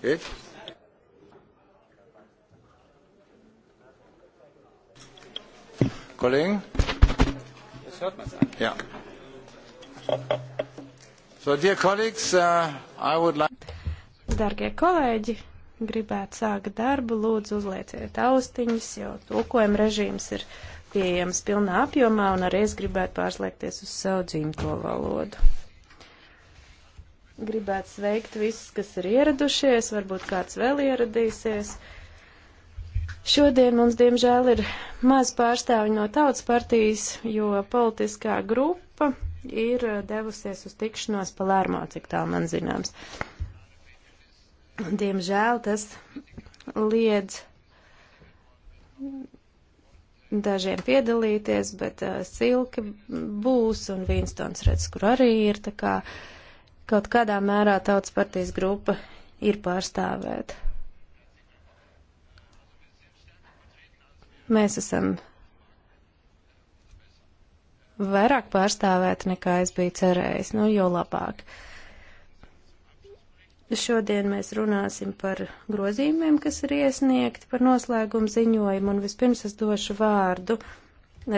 ¿Eh? Kollegen? Jetzt hört man es an. Ja. So, dear colleagues, uh, I would like... Dargie kolēģi, gribētu sākt darbu, lūdzu uzlieciet austiņas, jo tulkojuma režīms ir pieejams pilnā apjomā, un arī es gribētu pārslēgties uz savu dzimto valodu. Gribētu sveikt visus, kas ir ieradušies, varbūt kāds vēl ieradīsies. Šodien mums, diemžēl, ir maz pārstāvi no tautas partijas, jo politiskā grupa ir eh, devusies uz tikšanos palērmā, cik tā man zināms. Diemžēl tas liedz dažiem piedalīties, bet uh, eh, Silke būs un Vinstons redz, kur arī ir. Tā kā uh, kaut kādā mērā tautas partijas grupa ir pārstāvēta. Mēs esam vairāk pārstāvēti nekā es biju cerējis, nu jau labāk. Šodien mēs runāsim par grozījumiem, kas ir iesniegti par noslēgumu ziņojumu, un vispirms es došu vārdu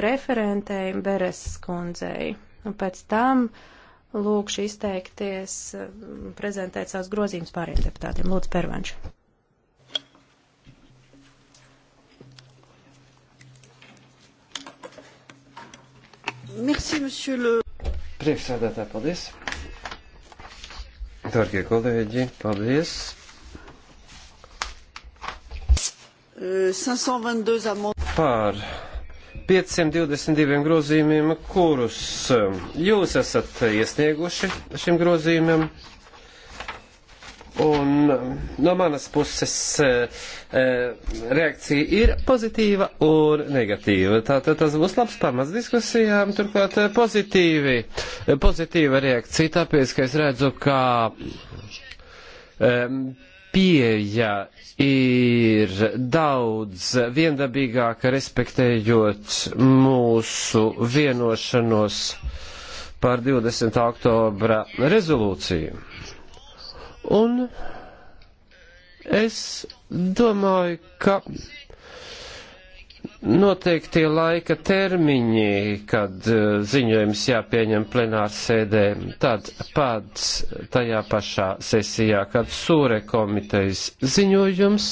referentēm Bereses kundzei, un pēc tam uh, lūkšu izteikties, eh, prezentēt savus grozījumus pāriem deputātiem. Lūdzu, Pervanš. Merci, monsieur le... Priekšsēdētāj, paldies. Dārgie kolēģi, paldies. 522 euh, amendements. Par 522 grozījumiem, kurus um, jūs esat iesnieguši šim grozījumam. Un um, no manas puses uh, uh, reakcija ir pozitīva un negatīva. Tātad tas būs labs pamats diskusijām, turklāt uh, pozitīvi, pozitīva reakcija, tāpēc, ka es redzu, ka um, pieeja ir daudz viendabīgāka, respektējot mūsu vienošanos par 20. oktobra rezolūciju. Un es domāju, ka noteiktie laika termiņi, kad e, ziņojums jāpieņem plenārs sēdē, tad pats tajā pašā sesijā, kad sūre komitejas ziņojums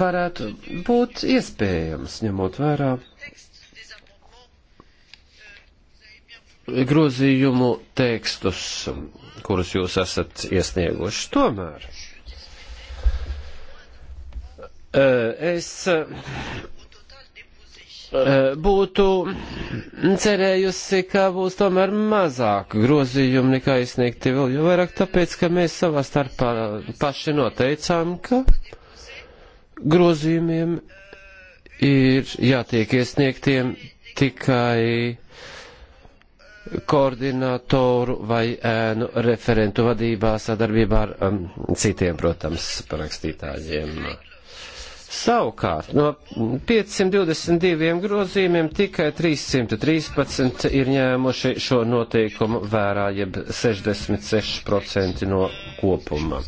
varētu būt iespējams, ņemot vērā grozījumu tekstus, kurus jūs esat iesnieguši. Tomēr Eh, es eh, būtu cerējusi, ka būs tomēr mazāk grozījumu nekā izsniegti vēl, jo vairāk tāpēc, ka mēs savā starpā paši noteicām, ka grozījumiem ir jātiek iesniegtiem tikai koordinatoru vai ēnu referentu vadībā sadarbībā ar um, citiem, protams, parakstītājiem. Savukārt, no 522 grozījumiem tikai 313 ir ņēmuši šo noteikumu vērā, jeb 66% no kopuma.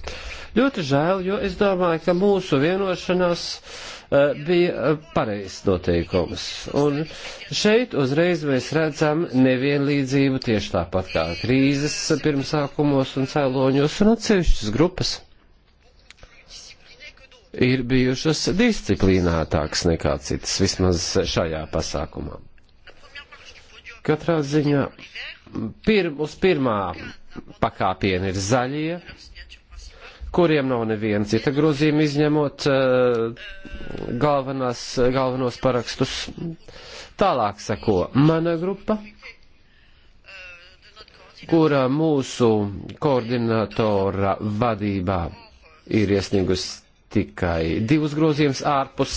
Ļoti žēl, jo es domāju, ka mūsu vienošanās uh, bija eh, pareizs noteikums. Un šeit uzreiz mēs redzam nevienlīdzību tieši tāpat kā krīzes pirmsākumos un cēloņos un atsevišķas grupas ir bijušas disciplinātākas nekā citas, vismaz šajā pasākumā. Katrā ziņā pir, uz pirmā pakāpiena ir zaļie, kuriem nav neviena cita grozījuma izņemot uh, galvenās, galvenos parakstus. Tālāk sako mana grupa, kura mūsu koordinatora vadībā ir iesniegusi tikai divus grozījumus ārpus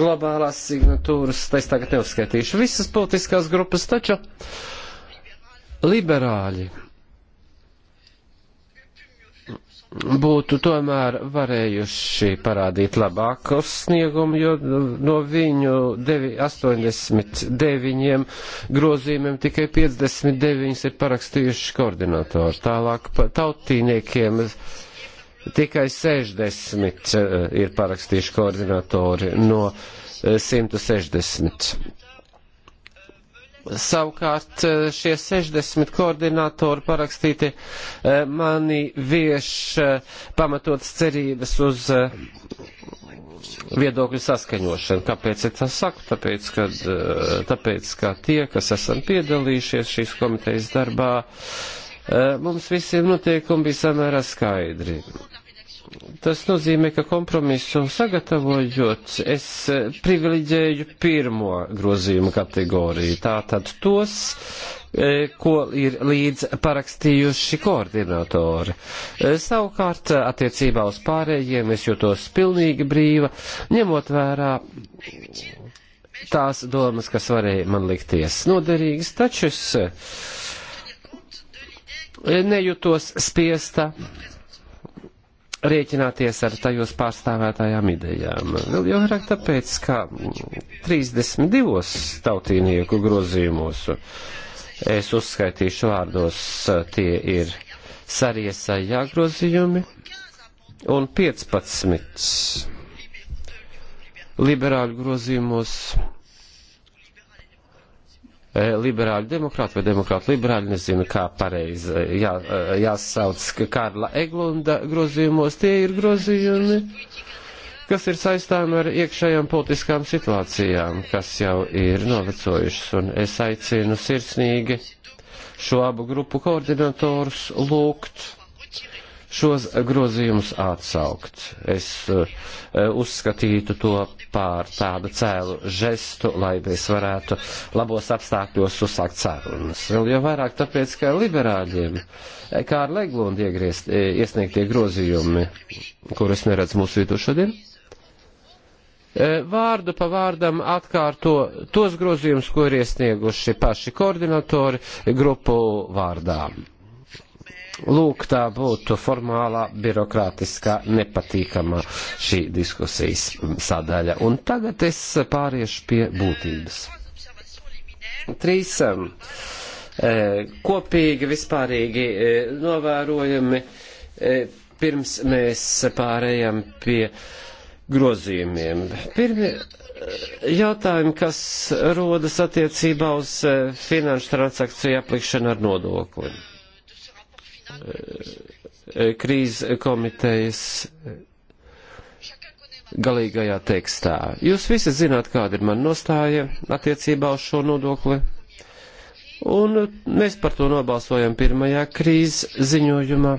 globālās signatūras. Es tagad neuzskaitīšu visas politiskās grupas, taču liberāļi būtu tomēr varējuši parādīt labāku sniegumu, jo no viņu 89 grozījumiem tikai 59 ir parakstījuši koordinatori. Tālāk tautīniekiem. Tikai 60 eh, ir parakstījuši koordinatori no 160. Eh, Savukārt eh, šie 60 koordinātori parakstīti mani vieš pamatots cerības uz viedokļu saskaņošanu. Kāpēc es tā saku? Tāpēc, ka, tāpēc, ka tie, kas esam piedalījušies šīs komitejas darbā, mums visiem notiekumi bija samērā skaidri. Tas nozīmē, ka kompromisu sagatavojot, es privileģēju pirmo grozījumu kategoriju. Tātad tos, e, ko ir līdz parakstījuši koordinatori. E, savukārt, attiecībā uz pārējiem, es jūtos pilnīgi brīva, ņemot vērā tās domas, kas varēja man likties noderīgas, taču es e, nejūtos spiesta rēķināties ar tajos pārstāvētājām idejām. Vēl jau vairāk tāpēc, ka 32 tautīnieku grozījumos es uzskaitīšu vārdos, tie ir sariesājā grozījumi un 15 liberāļu grozījumos Eh, liberāļu demokrāti vai demokrāti liberāļi, nezinu, kā pareizi eh, jā, eh, jāsauc Karla Eglunda grozījumos, tie ir grozījumi, kas ir saistāmi ar iekšējām politiskām situācijām, kas jau ir novecojušas, un es aicinu sirsnīgi šo abu grupu koordinatorus lūgt šos grozījumus atsaukt. Es eh, uzskatītu to pār tādu cēlu žestu, lai mēs varētu labos apstākļos uzsākt sarunas. Vēl jau vairāk tāpēc, ka liberāļiem, kā ar Leglundu eh, iesniegtie grozījumi, kurus neredz mūsu vidū šodien, eh, vārdu pa vārdam atkārto tos grozījumus, ko ir iesnieguši paši koordinatori grupu vārdām. Lūk, tā būtu formālā, birokrātiskā, nepatīkamā šī diskusijas sadaļa. Un tagad es pāriešu pie būtības. Trīs um, e, kopīgi, vispārīgi e, novērojami e, pirms mēs pārējām pie grozījumiem. Pirmie jautājumi, kas rodas attiecībā uz finanšu transakciju aplikšanu ar nodokli. Eh, eh, krīzes komitejas eh, galīgajā tekstā. Jūs visi zināt, kāda ir mana nostāja attiecībā uz šo nodokli. Un mēs par to nobalsojam pirmajā krīzes ziņojumā.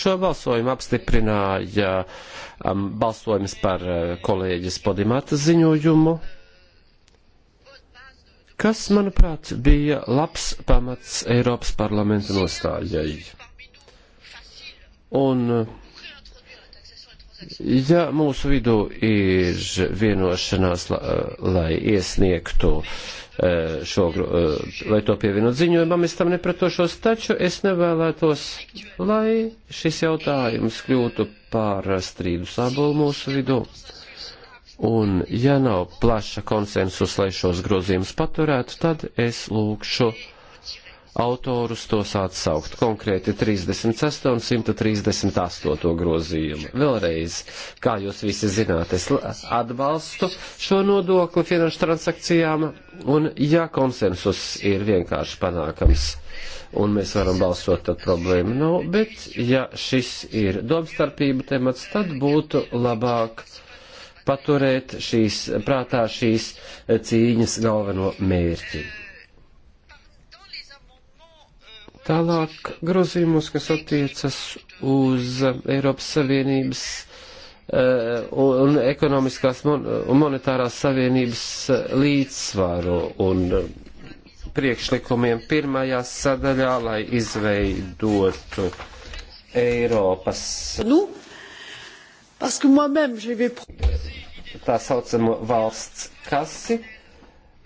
Šo balsojumu apstiprināja um, balsojums par uh, kolēģis Podimatas ziņojumu. Uh, kas, manuprāt, bija labs pamats Eiropas parlamenta nostājai. Un, ja mūsu vidū ir vienošanās, lai iesniegtu eh, šo, eh, lai to pievienot ziņojumam, es tam nepratošos, taču es nevēlētos, lai šis jautājums kļūtu par strīdu sabulu mūsu vidū. Un, ja nav plaša konsensus, lai šos grozījumus paturētu, tad es lūkšu autorus tos atsaukt, konkrēti 36 un 138 grozījumu. Vēlreiz, kā jūs visi zināt, es atbalstu šo nodokli finanšu transakcijām, un ja konsensus ir vienkārši panākams, un mēs varam balsot, tad problēma nav, bet ja šis ir domstarpību temats, tad būtu labāk paturēt šīs, prātā šīs cīņas galveno mērķi. Tālāk grozījumus, kas attiecas uz Eiropas Savienības eh, un ekonomiskās un monetārās savienības eh, līdzsvaru un priekšlikumiem pirmajā sadaļā, lai izveidotu Eiropas. Nu, parce que moi-même, je vais tā saucamo valsts kasi.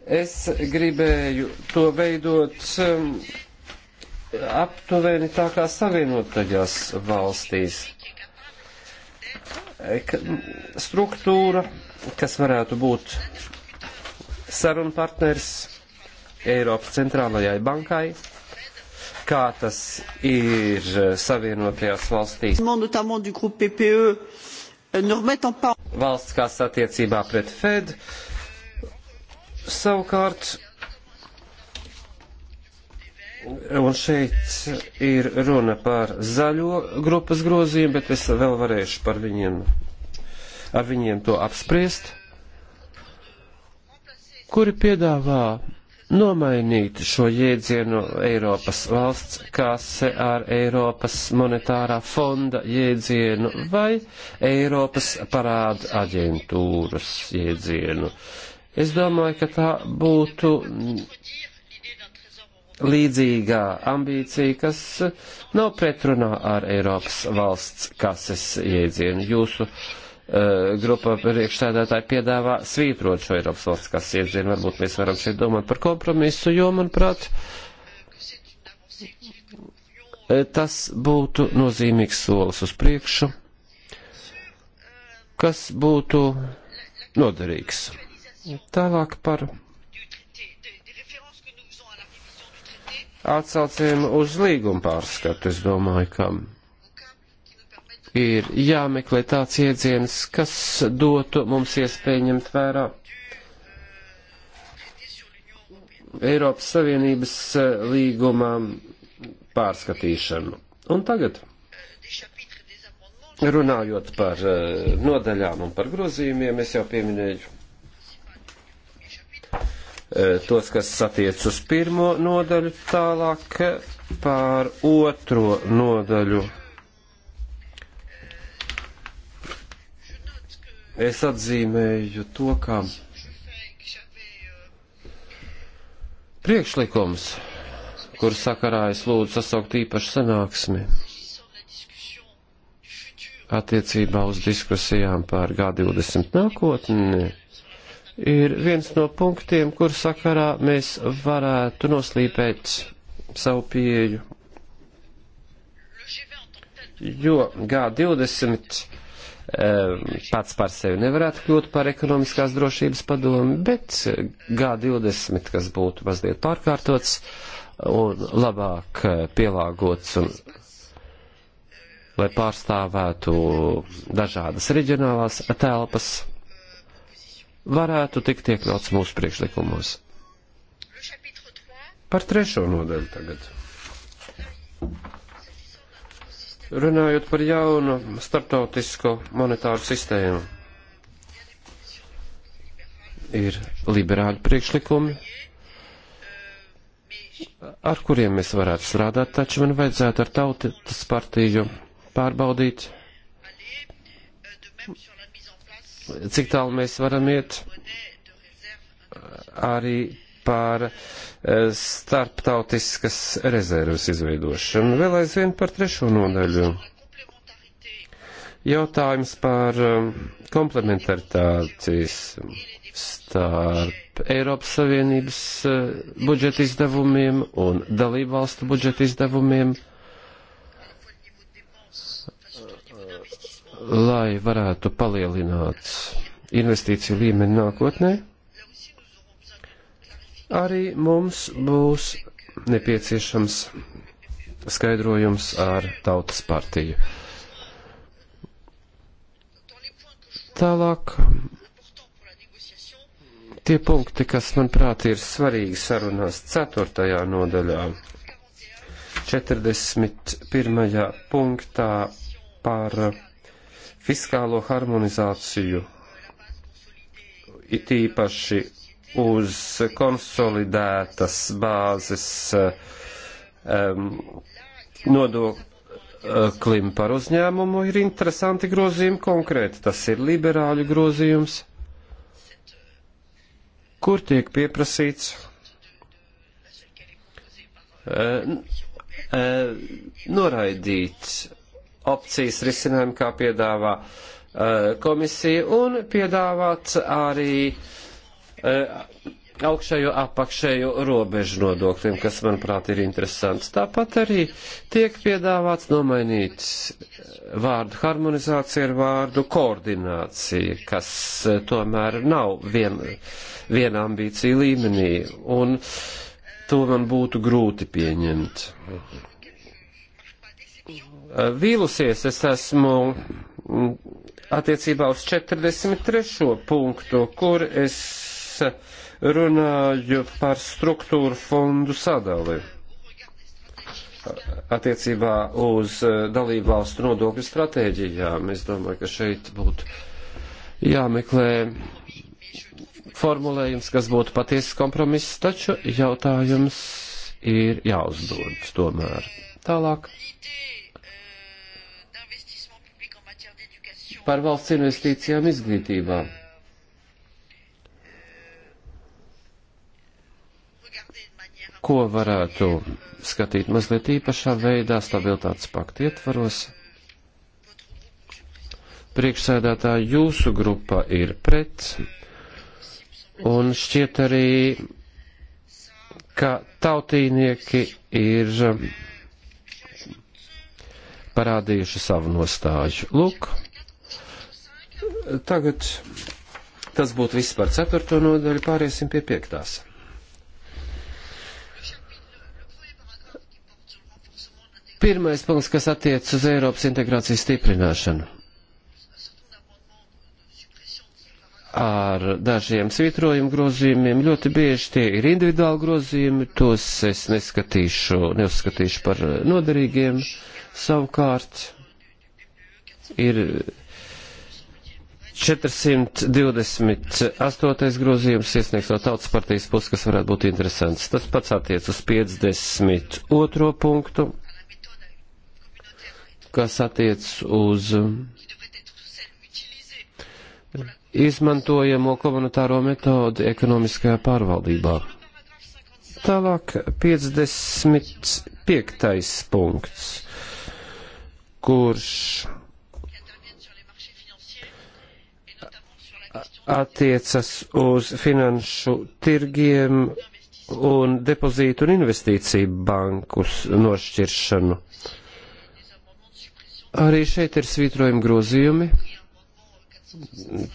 Es gribēju to veidot um, aptuveni tā kā savienotajās valstīs. Struktūra, kas varētu būt sarunpartners Eiropas centrālajai bankai, kā tas ir savienotajās valstīs valsts kā satiecībā pret Fed. Savukārt, un šeit ir runa par zaļo grupas grozījumu, bet es vēl varēšu par viņiem, ar viņiem to apspriest, kuri piedāvā nomainīt šo jēdzienu Eiropas valsts kase ar Eiropas monetārā fonda jēdzienu vai Eiropas parāda aģentūras jēdzienu. Es domāju, ka tā būtu līdzīgā ambīcija, kas nav pretrunā ar Eiropas valsts kases jēdzienu. Jūsu uh, Eh, grupa priekšsēdētāji piedāvā svītrot šo Eiropas valsts kas iedzienu. Varbūt mēs varam šeit domāt par kompromisu, jo, manuprāt, eh, tas būtu nozīmīgs solis uz priekšu, kas būtu noderīgs. Tālāk par atsaucējumu uz līgumu pārskatu. Es domāju, ka ir jāmeklē tāds iedziens, kas dotu mums iespēju ņemt vērā Eiropas Savienības eh, līgumā pārskatīšanu. Un tagad, runājot par eh, nodaļām un par grozījumiem, es jau pieminēju eh, tos, kas attiec uz pirmo nodaļu, tālāk pār otro nodaļu Es atzīmēju to, ka priekšlikums, kur sakarā es lūdzu sasaukt īpašu sanāksmi attiecībā uz diskusijām par G20 nākotni, ir viens no punktiem, kur sakarā mēs varētu noslīpēt savu pieeju. Jo G20 Eh, pats par sevi nevarētu kļūt par ekonomiskās drošības padomu, bet G20, kas būtu mazliet pārkārtots un labāk eh, pielāgots un lai pārstāvētu dažādas reģionālās telpas, varētu tikt iekļauts mūsu priekšlikumos. Par trešo nodaļu tagad. Runājot par jaunu starptautisko monetāru sistēmu, ir liberāļu priekšlikumi, ar kuriem mēs varētu strādāt, taču man vajadzētu ar tautas partiju pārbaudīt, cik tālu mēs varam iet arī par eh, starptautiskas rezerves izveidošanu. Vēl aizvien par trešo nodaļu. Jautājums par eh, komplementaritācijas starp Eiropas Savienības eh, budžeta izdevumiem un dalību valstu budžeta izdevumiem, lai varētu palielināt investīciju līmeni nākotnē. Arī mums būs nepieciešams skaidrojums ar tautas partiju. Tālāk tie punkti, kas, manuprāt, ir svarīgi sarunās 4. nodaļā, 41. punktā par fiskālo harmonizāciju, it īpaši uz konsolidētas bāzes um, nodoklim par uzņēmumu ir interesanti grozījumi konkrēti. Tas ir liberāļu grozījums, kur tiek pieprasīts uh, uh, noraidīt opcijas risinājumu, kā piedāvā uh, komisija, un piedāvāt arī uh, Eh, augšējo apakšējo robežu nodokļiem, kas, manuprāt, ir interesants. Tāpat arī tiek piedāvāts nomainīt vārdu harmonizācija ar vārdu koordinācija, kas eh, tomēr nav vien, viena ambīcija līmenī, un to man būtu grūti pieņemt. Eh, vīlusies es esmu mm, attiecībā uz 43. punktu, kur es runāju par struktūru fondu sadali attiecībā uz eh, dalību valstu nodokļu stratēģijām. Es domāju, ka šeit būtu jāmeklē formulējums, kas būtu patiesas kompromiss, taču jautājums ir jāuzdod tomēr. Tālāk. Par valsts investīcijām izglītībā. ko varētu skatīt mazliet īpašā veidā stabilitātes pakti ietvaros. Priekšsēdētāji, jūsu grupa ir pret, un šķiet arī, ka tautīnieki ir parādījuši savu nostāju. Lūk, tagad tas būtu viss par ceturto nodaļu, pāriesim pie piektās. Pirmais punkts, kas attiec uz Eiropas integrācijas stiprināšanu. ar dažiem svītrojumu grozījumiem. Ļoti bieži tie ir individuāli grozījumi, tos es neskatīšu, neuzskatīšu par noderīgiem. Savukārt ir 428. grozījums iesniegts no tautas partijas puses, kas varētu būt interesants. Tas pats attiec uz 52. punktu kas attiec uz izmantojamo komunitāro metodu ekonomiskajā pārvaldībā. Tālāk 55. punkts, kurš attiecas uz finanšu tirgiem un depozītu un investīciju bankus nošķiršanu. Uh, Arī šeit ir svītrojumi grozījumi,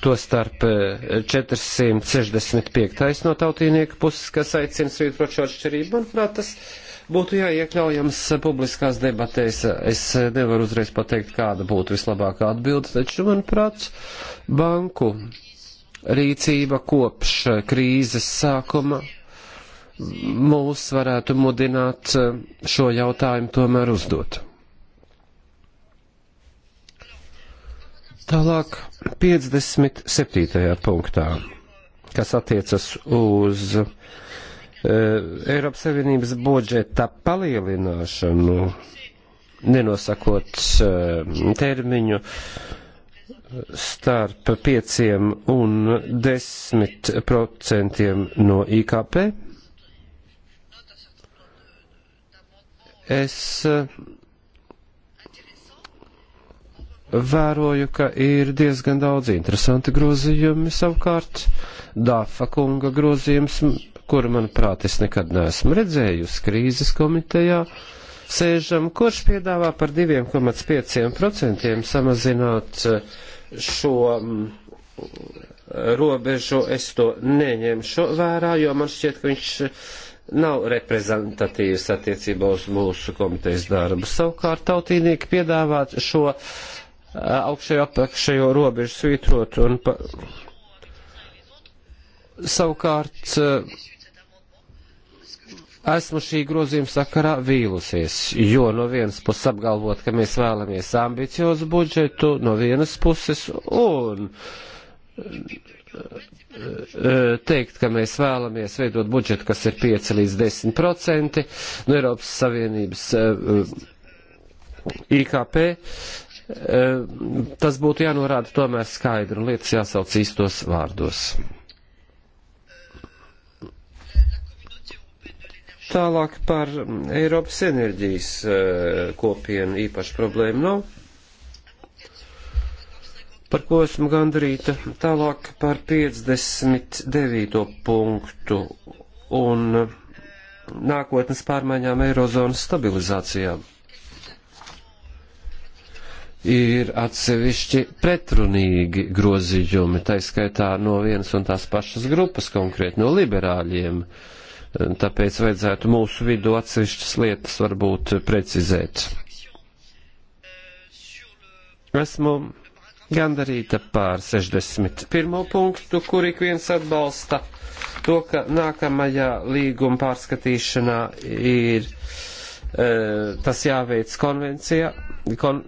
to starp 465. no tautīnieku puses, kas aicina svītrot šo atšķirību. Manuprāt, tas būtu jāiekļaujams publiskās debatēs. Es nevaru uzreiz pateikt, kāda būtu vislabākā atbilde, taču, manuprāt, banku rīcība kopš krīzes sākuma mūs varētu mudināt eh, šo jautājumu tomēr uzdot. Tālāk 57. punktā, kas attiecas uz uh, Eiropas Savienības budžeta palielināšanu, nenosakot uh, termiņu starp 5 un 10 procentiem no IKP. Es uh, vēroju, ka ir diezgan daudz interesanti grozījumi savukārt. Dāfa kunga grozījums, kuru, manuprāt, es nekad neesmu redzējusi krīzes komitejā, sēžam, kurš piedāvā par 2,5% samazināt eh, šo mm, robežu. Es to neņemšu vērā, jo man šķiet, ka viņš nav reprezentatīvs attiecībā uz mūsu komitejas darbu. Savukārt tautīnieki piedāvāt šo uh, Uh, augšējo apakšējo robežu svītrot un pa... savukārt uh, esmu šī grozījuma sakarā vīlusies, jo no vienas puses apgalvot, ka mēs vēlamies ambiciozu budžetu, no vienas puses un uh, teikt, ka mēs vēlamies veidot budžetu, kas ir 5 līdz 10 procenti no Eiropas Savienības IKP, Eh, tas būtu jānorāda tomēr skaidri un lietas jāsauc īstos vārdos. Tālāk par Eiropas enerģijas eh, kopienu īpaši problēma nav, par ko esmu gandrīta. Tālāk par 59. punktu un nākotnes pārmaiņām Eirozonas stabilizācijām ir atsevišķi pretrunīgi grozījumi, taiskaitā no vienas un tās pašas grupas, konkrēti no liberāļiem. Tāpēc vajadzētu mūsu vidu atsevišķas lietas varbūt precizēt. Esmu gandarīta pār 61. punktu, kur ik viens atbalsta to, ka nākamajā līguma pārskatīšanā ir e, tas jāveic konvencijā, kon,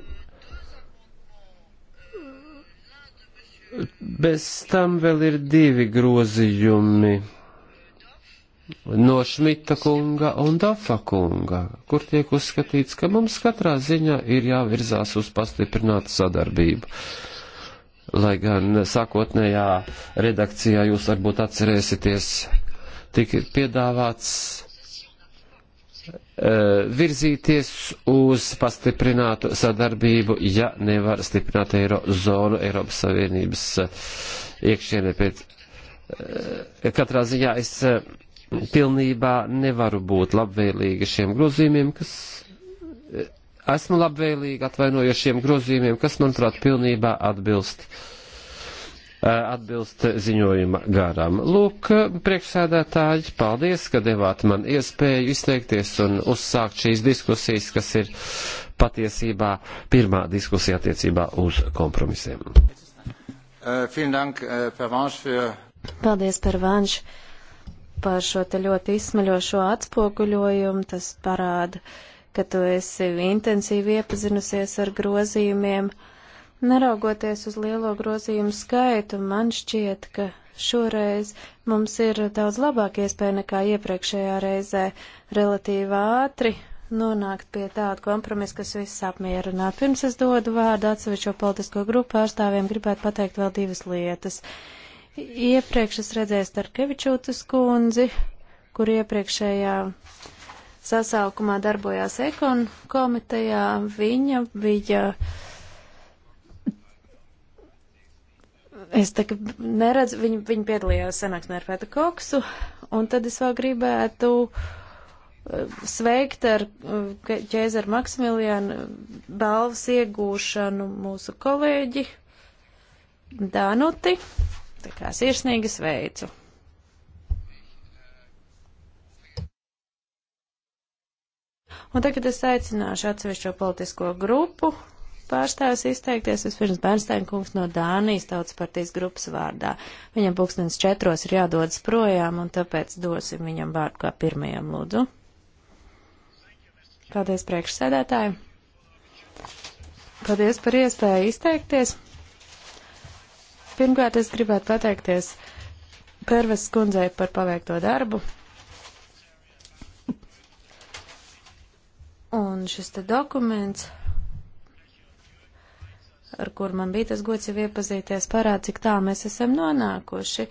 Bez tam vēl ir divi grozījumi no Šmita kunga un Dafa kunga, kur tiek uzskatīts, ka mums katrā ziņā ir jāvirzās uz pastiprinātu sadarbību. Lai gan sākotnējā redakcijā jūs varbūt atcerēsieties, tika piedāvāts Eh, virzīties uz pastiprinātu sadarbību, ja nevar stiprināt eirozonu Eiropas Savienības eh, iekšienē pēc. Eh, katrā ziņā es pilnībā nevaru būt labvēlīga šiem grozījumiem, kas esmu labvēlīga atvainojušiem grozījumiem, kas, manuprāt, pilnībā atbilst uh, Eh, atbilst ziņojuma garam. Lūk, priekšsēdētāji, paldies, ka devāt man iespēju izteikties un uzsākt šīs diskusijas, kas ir patiesībā pirmā diskusija attiecībā uz kompromisiem. Eh, eh, paldies, Pervanš, par šo te ļoti izsmaļošo atspoguļojumu. Tas parāda, ka tu esi intensīvi iepazinusies ar grozījumiem. Uh, Neraugoties uz lielo grozījumu skaitu, man šķiet, ka šoreiz mums ir daudz labāka iespēja nekā iepriekšējā reizē relatīvi ātri nonākt pie tāda kompromisa, kas visus apmierinātu. Pirms es dodu vārdu atsevišķo politisko grupu pārstāvjiem, gribētu pateikt vēl divas lietas. Iepriekš es redzēju Starkevičūtas kundzi, kur iepriekšējā sasaukumā darbojās ekon komitejā. Viņa bija. Uh, es tā kā neredzu, viņi, viņi piedalījās sanāksmē ar Pētu Koksu, un tad es vēl gribētu eh, sveikt ar eh, ķēzaru Maksimiljānu balvas iegūšanu mūsu kolēģi Danuti. Tā kā sirsnīgi sveicu. Un tagad es aicināšu atsevišķo politisko grupu pārstāvis izteikties. Vispirms Bernstein kungs no Dānijas tautas partijas grupas vārdā. Viņam pulkstens četros ir jādodas projām, un tāpēc dosim viņam vārdu kā pirmajam lūdzu. Paldies priekšsēdētāji. Paldies par iespēju izteikties. Pirmkārt, es gribētu pateikties Perves kundzei par paveikto darbu. Un šis te dokuments ar kur man bija tas gods jau iepazīties, parāda, cik tālu mēs esam nonākuši,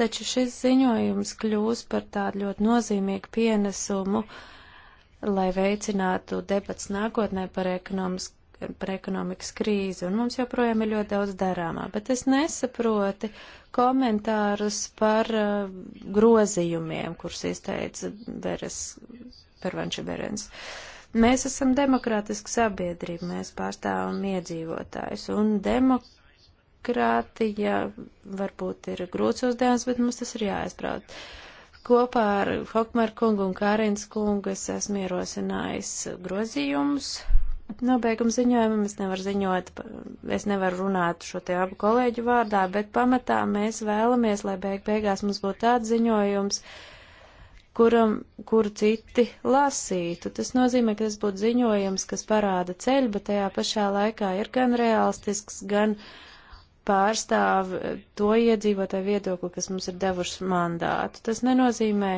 taču šis ziņojums kļūs par tādu ļoti nozīmīgu pienesumu, lai veicinātu debats nākotnē par ekonomisku par ekonomikas krīzi, un mums joprojām ir ļoti daudz darāmā, bet es nesaproti komentārus par uh, grozījumiem, kurus izteica Beres, Pervanči Berens. Uh, Mēs esam demokrātiska sabiedrība, mēs pārstāvam iedzīvotājus, un demokrātija varbūt ir grūts uzdevums, bet mums tas ir jāaizprāt. Kopā ar Hokmar kungu un Kārins kungu es esmu ierosinājis grozījumus. Nobeiguma ziņojumam es nevaru ziņot, es nevaru runāt šo te abu kolēģu vārdā, bet pamatā mēs vēlamies, lai beig beigās mums būtu tāds ziņojums, uh, kuram, kuru citi lasītu. Tas nozīmē, ka tas būtu ziņojums, kas parāda ceļu, bet tajā pašā laikā ir gan realistisks, gan pārstāv to iedzīvotāju viedokli, kas mums ir devuši mandātu. Tas nenozīmē,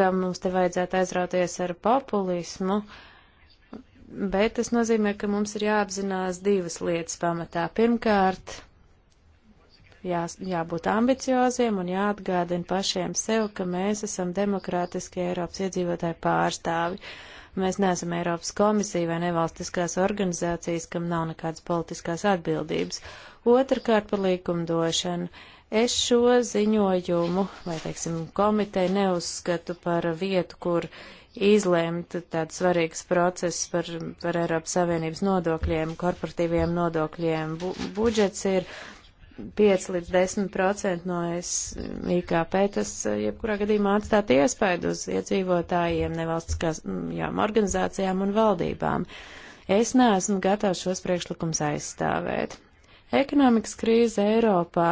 ka mums te vajadzētu aizrauties ar populismu, bet tas nozīmē, ka mums ir jāapzinās divas lietas pamatā. Pirmkārt, jā, jābūt ambicioziem un jāatgādina pašiem sev, ka mēs esam demokrātiski Eiropas iedzīvotāji pārstāvi. Mēs neesam Eiropas komisija vai nevalstiskās organizācijas, kam nav nekādas politiskās atbildības. Otrakārt par likumdošanu. Es šo ziņojumu, vai teiksim, komiteju neuzskatu par vietu, kur izlēmt tāds svarīgs process par, par Eiropas Savienības nodokļiem, korporatīviem nodokļiem. Bu budžets ir 5 līdz 10 procenti no IKP, tas eh, jebkurā gadījumā atstātu iespaidu uz iedzīvotājiem, nevalstiskām mm, organizācijām un valdībām. Es neesmu gatavs šos priekšlikums aizstāvēt. Ekonomikas krīze Eiropā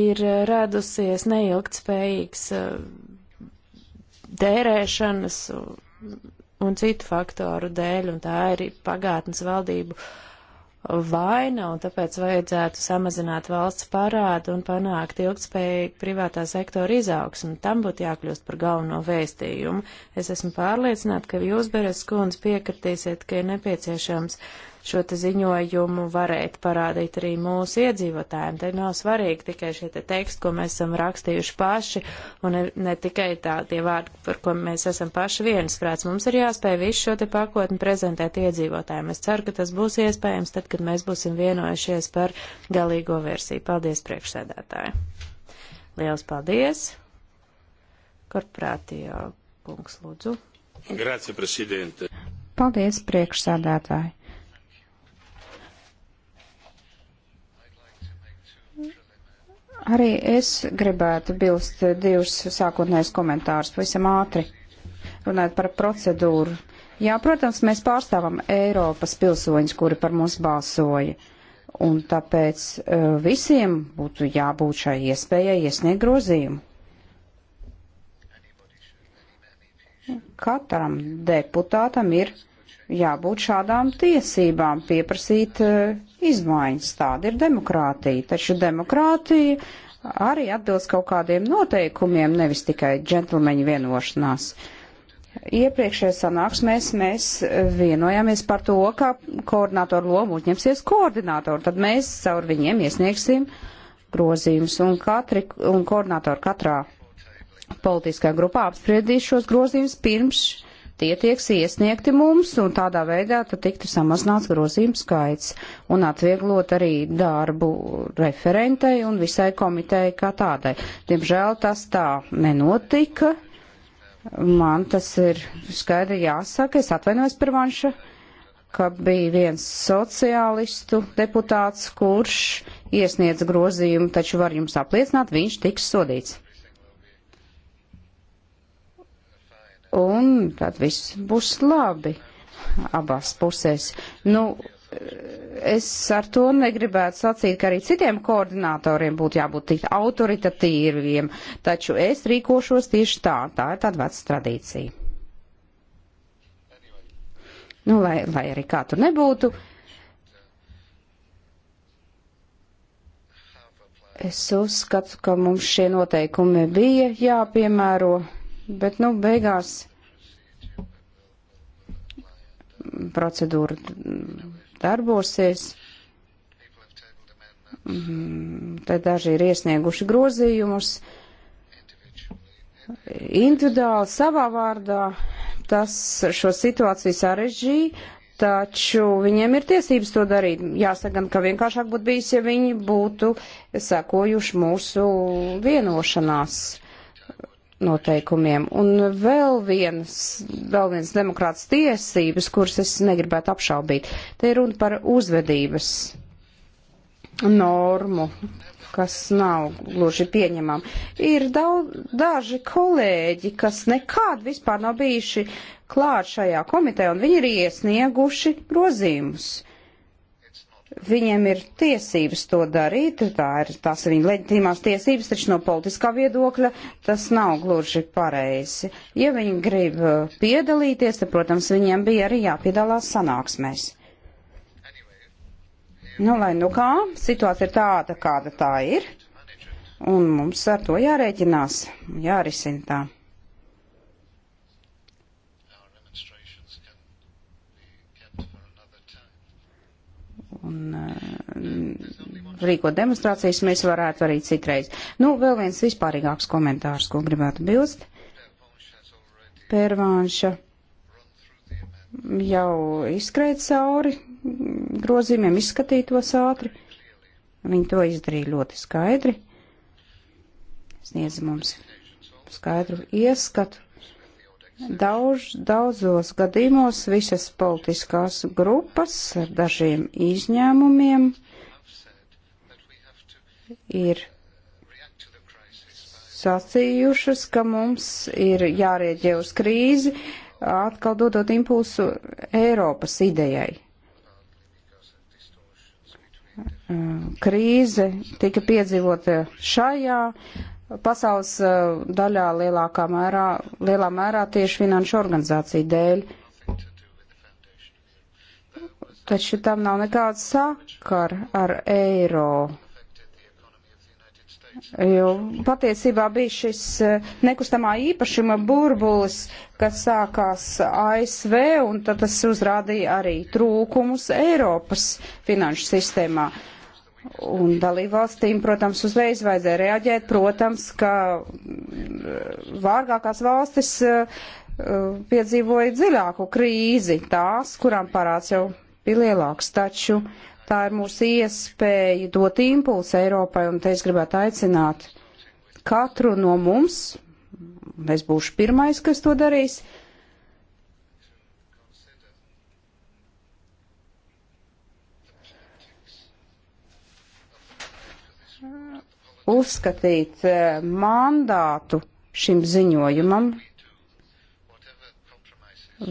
ir eh, radusies neilgtspējīgs tērēšanas eh, un citu faktoru dēļ, un tā ir pagātnes valdību uh, vaina, un tāpēc vajadzētu samazināt valsts parādu un panākt ilgspējīgu privātā sektora izaugsmu. Tam būtu jākļūst par galveno vēstījumu. Es esmu pārliecināta, ka jūs, Beres kundze, piekritīsiet, ka ir nepieciešams šo te ziņojumu varētu parādīt arī mūsu iedzīvotājiem. Te nav svarīgi tikai šie te teksti, ko mēs esam rakstījuši paši, un ne, ne tikai tā tie vārdi, par ko mēs esam paši viensprāts. Mums ir jāspēj visu šo te pakotni prezentēt iedzīvotājiem. Es ceru, ka tas būs iespējams tad, kad mēs būsim vienojušies par galīgo versiju. Paldies, priekšsēdētāji! Liels paldies! Korporātijā kungs lūdzu. Grācija, prezidente. Paldies, priekšsādātāji. Arī es gribētu bilst divus sākotnējus komentārus, pavisam ātri, runājot par procedūru. Jā, protams, mēs pārstāvam Eiropas pilsoņus, kuri par mums balsoja, un tāpēc uh, visiem būtu jābūt šai iespējai iesniegt grozījumu. Katram deputātam ir jābūt šādām tiesībām pieprasīt uh, izmaiņas. Tāda ir demokrātija. Taču demokrātija arī atbilst kaut kādiem noteikumiem, nevis tikai džentlmeņu vienošanās. Iepriekšējā sanāksmēs mēs vienojāmies par to, ka koordinātoru lomu uzņemsies koordinātori, tad mēs caur viņiem iesniegsim grozījumus, un, katri, un koordinātori katrā politiskajā grupā apspriedīs šos grozījumus pirms tie tieks iesniegti mums, un tādā veidā tad tiktu samazināts grozījums skaits un atvieglot arī darbu referentei un visai komitei kā tādai. Diemžēl tas tā nenotika. Man tas ir skaidri jāsaka. Es atvainojos par vanšu, ka bija viens sociālistu deputāts, kurš iesniedz grozījumu, taču var jums apliecināt, viņš tiks sodīts. un tad viss būs labi abās pusēs. Nu, es ar to negribētu sacīt, ka arī citiem koordinatoriem būtu jābūt tik autoritatīviem, taču es rīkošos tieši tā, tā ir tāda veca tradīcija. Nu, lai, lai arī kā tur nebūtu, es uzskatu, ka mums šie noteikumi bija jāpiemēro bet, nu, beigās procedūra darbosies. Mhm, te daži ir iesnieguši grozījumus. Individuāli savā vārdā tas šo situāciju sarežģīja, taču viņiem ir tiesības to darīt. Jāsaka, gan, ka vienkāršāk būtu bijis, ja viņi būtu sekojuši mūsu vienošanās noteikumiem. Un vēl viens, vēl viens demokrāts tiesības, kuras es negribētu apšaubīt, te ir runa par uzvedības normu, kas nav gluži pieņemam. Ir daudz, daži kolēģi, kas nekad vispār nav bijuši klāt šajā komitē, un viņi ir iesnieguši grozījumus. Uh, Viņiem ir tiesības to darīt, tā ir tās ir viņa leģitīmās tiesības, taču no politiskā viedokļa tas nav gluži pareizi. Ja viņi grib uh, piedalīties, tad, protams, viņiem bija arī jāpiedalās sanāksmēs. Nu, lai nu kā, situācija ir tāda, kāda tā ir, un mums ar to jārēķinās, jārisina tā. un uh, eh, rīkot demonstrācijas, mēs varētu arī citreiz. Nu, vēl viens vispārīgāks komentārs, ko gribētu bilst. Pērvānša jau izskrēja cauri grozījumiem, izskatīja tos ātri. Viņi to izdarīja ļoti skaidri. Sniedz mums skaidru ieskatu Daudz, daudzos gadījumos visas politiskās grupas ar dažiem izņēmumiem ir sacījušas, ka mums ir jārieģē uz krīzi, atkal dodot impulsu Eiropas idejai. Krīze tika piedzīvota šajā pasaules daļā lielākā mērā, lielā mērā tieši finanšu organizāciju dēļ. Taču tam nav nekāda sakara ar eiro. Jo patiesībā bija šis nekustamā īpašuma burbulis, kas sākās ASV, un tad tas uzrādīja arī trūkumus Eiropas finanšu sistēmā. Uh, Un dalībvalstīm, protams, uzreiz vajadzēja reaģēt, protams, ka mm, vārgākās valstis eh, eh, piedzīvoja dziļāku krīzi, tās, kurām parāds jau bija lielāks, taču tā ir mūsu iespēja dot impulsu Eiropai, un te es gribētu aicināt katru no mums, es būšu pirmais, kas to darīs, uh, uzskatīt eh, mandātu šim ziņojumam.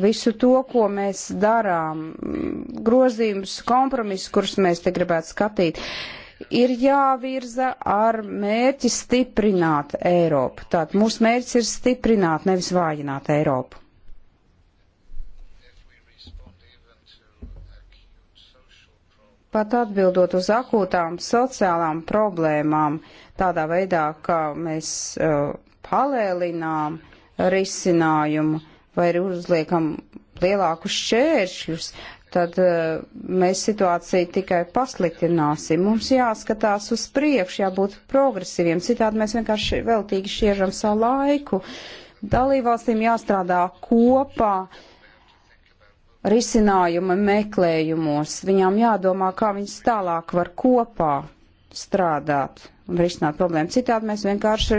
Visu to, ko mēs darām, grozījumus, kompromisus, kurus mēs te gribētu skatīt, ir jāvirza ar mērķi stiprināt Eiropu. Tātad mūsu mērķis ir stiprināt, nevis vājināt Eiropu. Pat atbildot uz akūtām sociālām problēmām, uh, tādā veidā, ka mēs uh, palēlinām risinājumu vai uzliekam lielākus šķēršļus, tad uh, mēs situāciju tikai pasliktināsim. Mums jāskatās uz priekšu, jābūt progresīviem, citādi mēs vienkārši veltīgi šķiežam savu laiku. Dalībvalstīm jāstrādā kopā risinājuma meklējumos, viņām jādomā, kā viņas tālāk var kopā strādāt un risināt problēmu. Citādi mēs vienkārši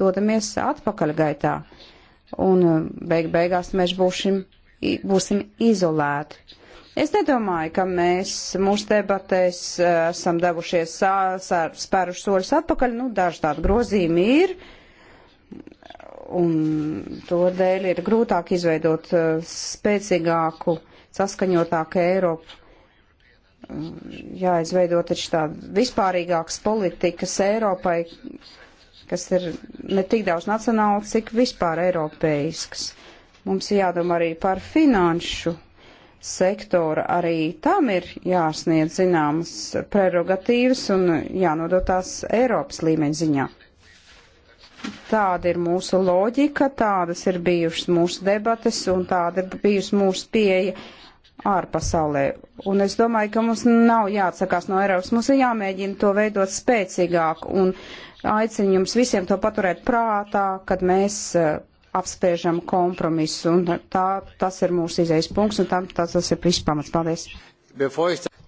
dodamies atpakaļ gaitā un uh, beig beigās mēs būšim, būsim izolēti. Es nedomāju, ka mēs mūsu debatēs uh, esam devušies spēruši soļus atpakaļ, nu daži tādi grozījumi ir, un to dēļ ir grūtāk izveidot uh, spēcīgāku, saskaņotāku Eiropu jāizveido taču tāda vispārīgāks politikas Eiropai, kas ir ne tik daudz nacionāli, cik vispār eiropeisks. Mums jādomā arī par finanšu sektora arī tam ir jāsniedz zināmas prerogatīvas un jānodot tās Eiropas līmeņa ziņā. Tāda ir mūsu loģika, tādas ir bijušas mūsu debates un tāda ir bijusi mūsu pieeja ārpasaulē. Un es domāju, ka mums nav jāatsakās no Eiropas. Mums ir jāmēģina to veidot spēcīgāk un aicinu jums visiem to paturēt prātā, kad mēs uh, eh, apspēžam kompromisu. Un tā, tas ir mūsu izējas punkts un tam tas, tas ir viss pamats. Paldies!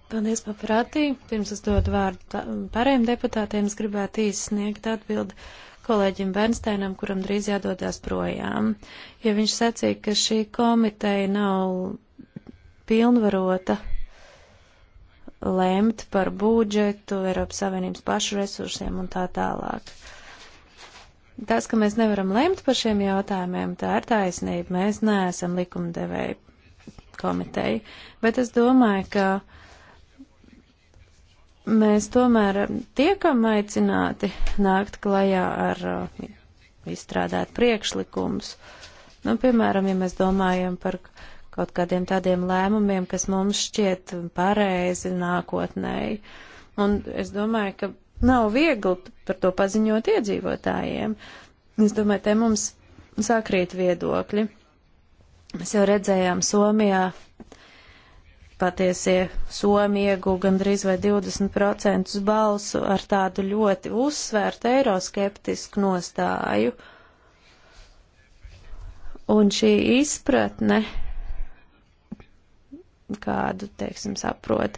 Paldies, paprātī. Pirms es dodu vārdu pārējiem deputātiem, es gribētu īsniegt atbildi kolēģim Bernsteinam, kuram drīz jādodas projām. Ja viņš sacīja, ka šī komiteja nav pilnvarota lemt par budžetu, Eiropas Savienības pašu resursiem un tā tālāk. Tas, ka mēs nevaram lemt par šiem jautājumiem, tā ir taisnība. Mēs neesam likumdevēju komiteja, bet es domāju, ka mēs tomēr tiekam aicināti nākt klajā ar uh, izstrādāt priekšlikumus. Nu, piemēram, ja mēs domājam par kaut kādiem tādiem lēmumiem, kas mums šķiet pareizi nākotnēji. Un es domāju, ka nav viegli par to paziņot iedzīvotājiem. Es domāju, te mums sakrīt viedokļi. Mēs jau redzējām Somijā patiesie Somi ieguva gandrīz vai 20% balsu ar tādu ļoti uzsvērtu eiroskeptisku nostāju. Un šī izpratne kādu, teiksim, saprot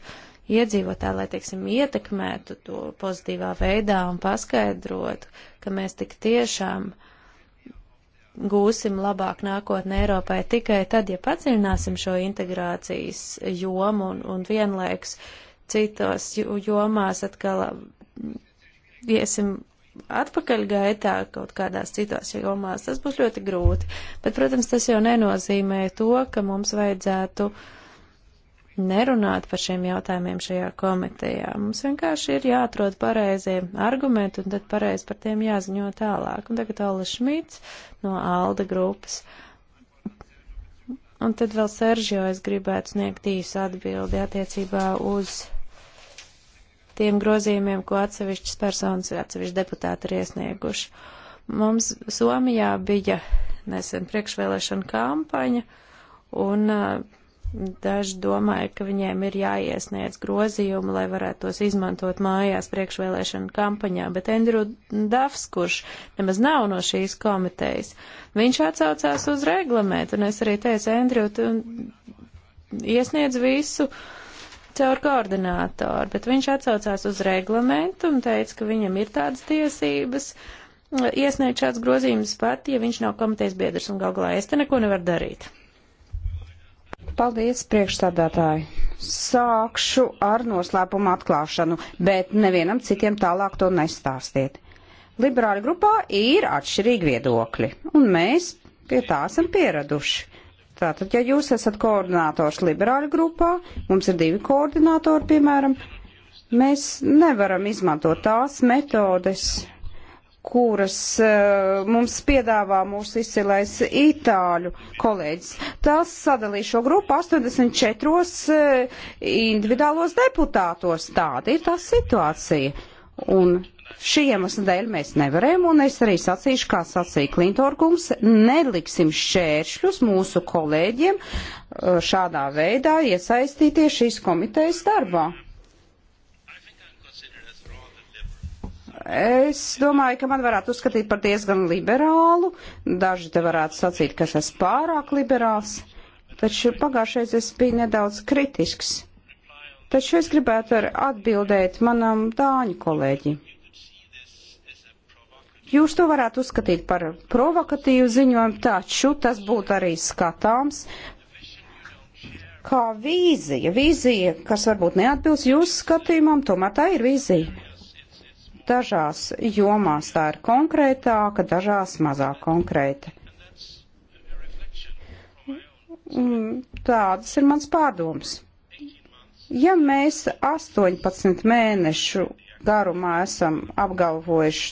iedzīvotāji, lai, teiksim, ietekmētu to pozitīvā veidā un paskaidrotu, ka mēs tik tiešām gūsim labāk nākotnē Eiropai tikai tad, ja padziļināsim šo integrācijas jomu un, un vienlaiks citos jomās atkal iesim atpakaļ gaitā kaut kādās citās jomās. Tas būs ļoti grūti. Bet, protams, tas jau nenozīmē to, ka mums vajadzētu uh, nerunāt par šiem jautājumiem šajā komitejā. Mums vienkārši ir jāatrod pareizie argumenti un tad pareizi par tiem jāziņo tālāk. Un tagad Ola Šmīts no Alda grupas. Un tad vēl Seržio es gribētu sniegt īsu atbildi attiecībā uz tiem grozījumiem, ko atsevišķas personas, atsevišķi deputāti ir iesnieguši. Mums Somijā bija nesen priekšvēlēšana kampaņa, un uh, Daži domāja, ka viņiem ir jāiesniedz grozījumi, lai varētu tos izmantot mājās priekšvēlēšana kampaņā, bet Endru Dafs, kurš nemaz nav no šīs komitejas, viņš atsaucās uz reglamentu, un es arī teicu, Endru, tu iesniedz visu caur koordinātoru, bet viņš atsaucās uz reglamentu un teica, ka viņam ir tādas tiesības iesniegt šāds grozījums pat, ja viņš nav komitejas biedrs, un galvā es te neko nevaru darīt. Paldies, priekšsādātāji. Sākšu ar noslēpumu atklāšanu, bet nevienam citiem tālāk to nestāstiet. Liberāļu grupā ir atšķirīgi viedokļi, un mēs pie tā esam pieraduši. Tātad, ja jūs esat koordinators liberāļu grupā, mums ir divi koordinatori, piemēram, mēs nevaram izmantot tās metodes, kuras uh, mums piedāvā mūsu izcilais itāļu kolēģis. Tās sadalīja šo grupu 84 uh, eh, individuālos deputātos. Tāda ir tā situācija. Un šī iemesla dēļ mēs nevarējam, un es arī sacīšu, kā sacīja Klintorkums, neliksim šķēršļus mūsu kolēģiem uh, šādā veidā iesaistīties šīs komitejas darbā. Es domāju, ka man varētu uzskatīt par diezgan liberālu. Daži te varētu sacīt, ka es esmu pārāk liberāls, taču pagājušais es biju nedaudz kritisks. Taču es gribētu atbildēt manam dāņu kolēģim. Jūs to varētu uzskatīt par provokatīvu ziņojumu, taču tas būtu arī skatāms kā vīzija. Vīzija, kas varbūt neatbilst jūsu skatījumam, tomēr tā ir vīzija. Dažās jomās tā ir konkrētāka, dažās mazāk konkrēta. Tādas ir mans pārdoms. Ja mēs 18 mēnešu garumā esam apgalvojuši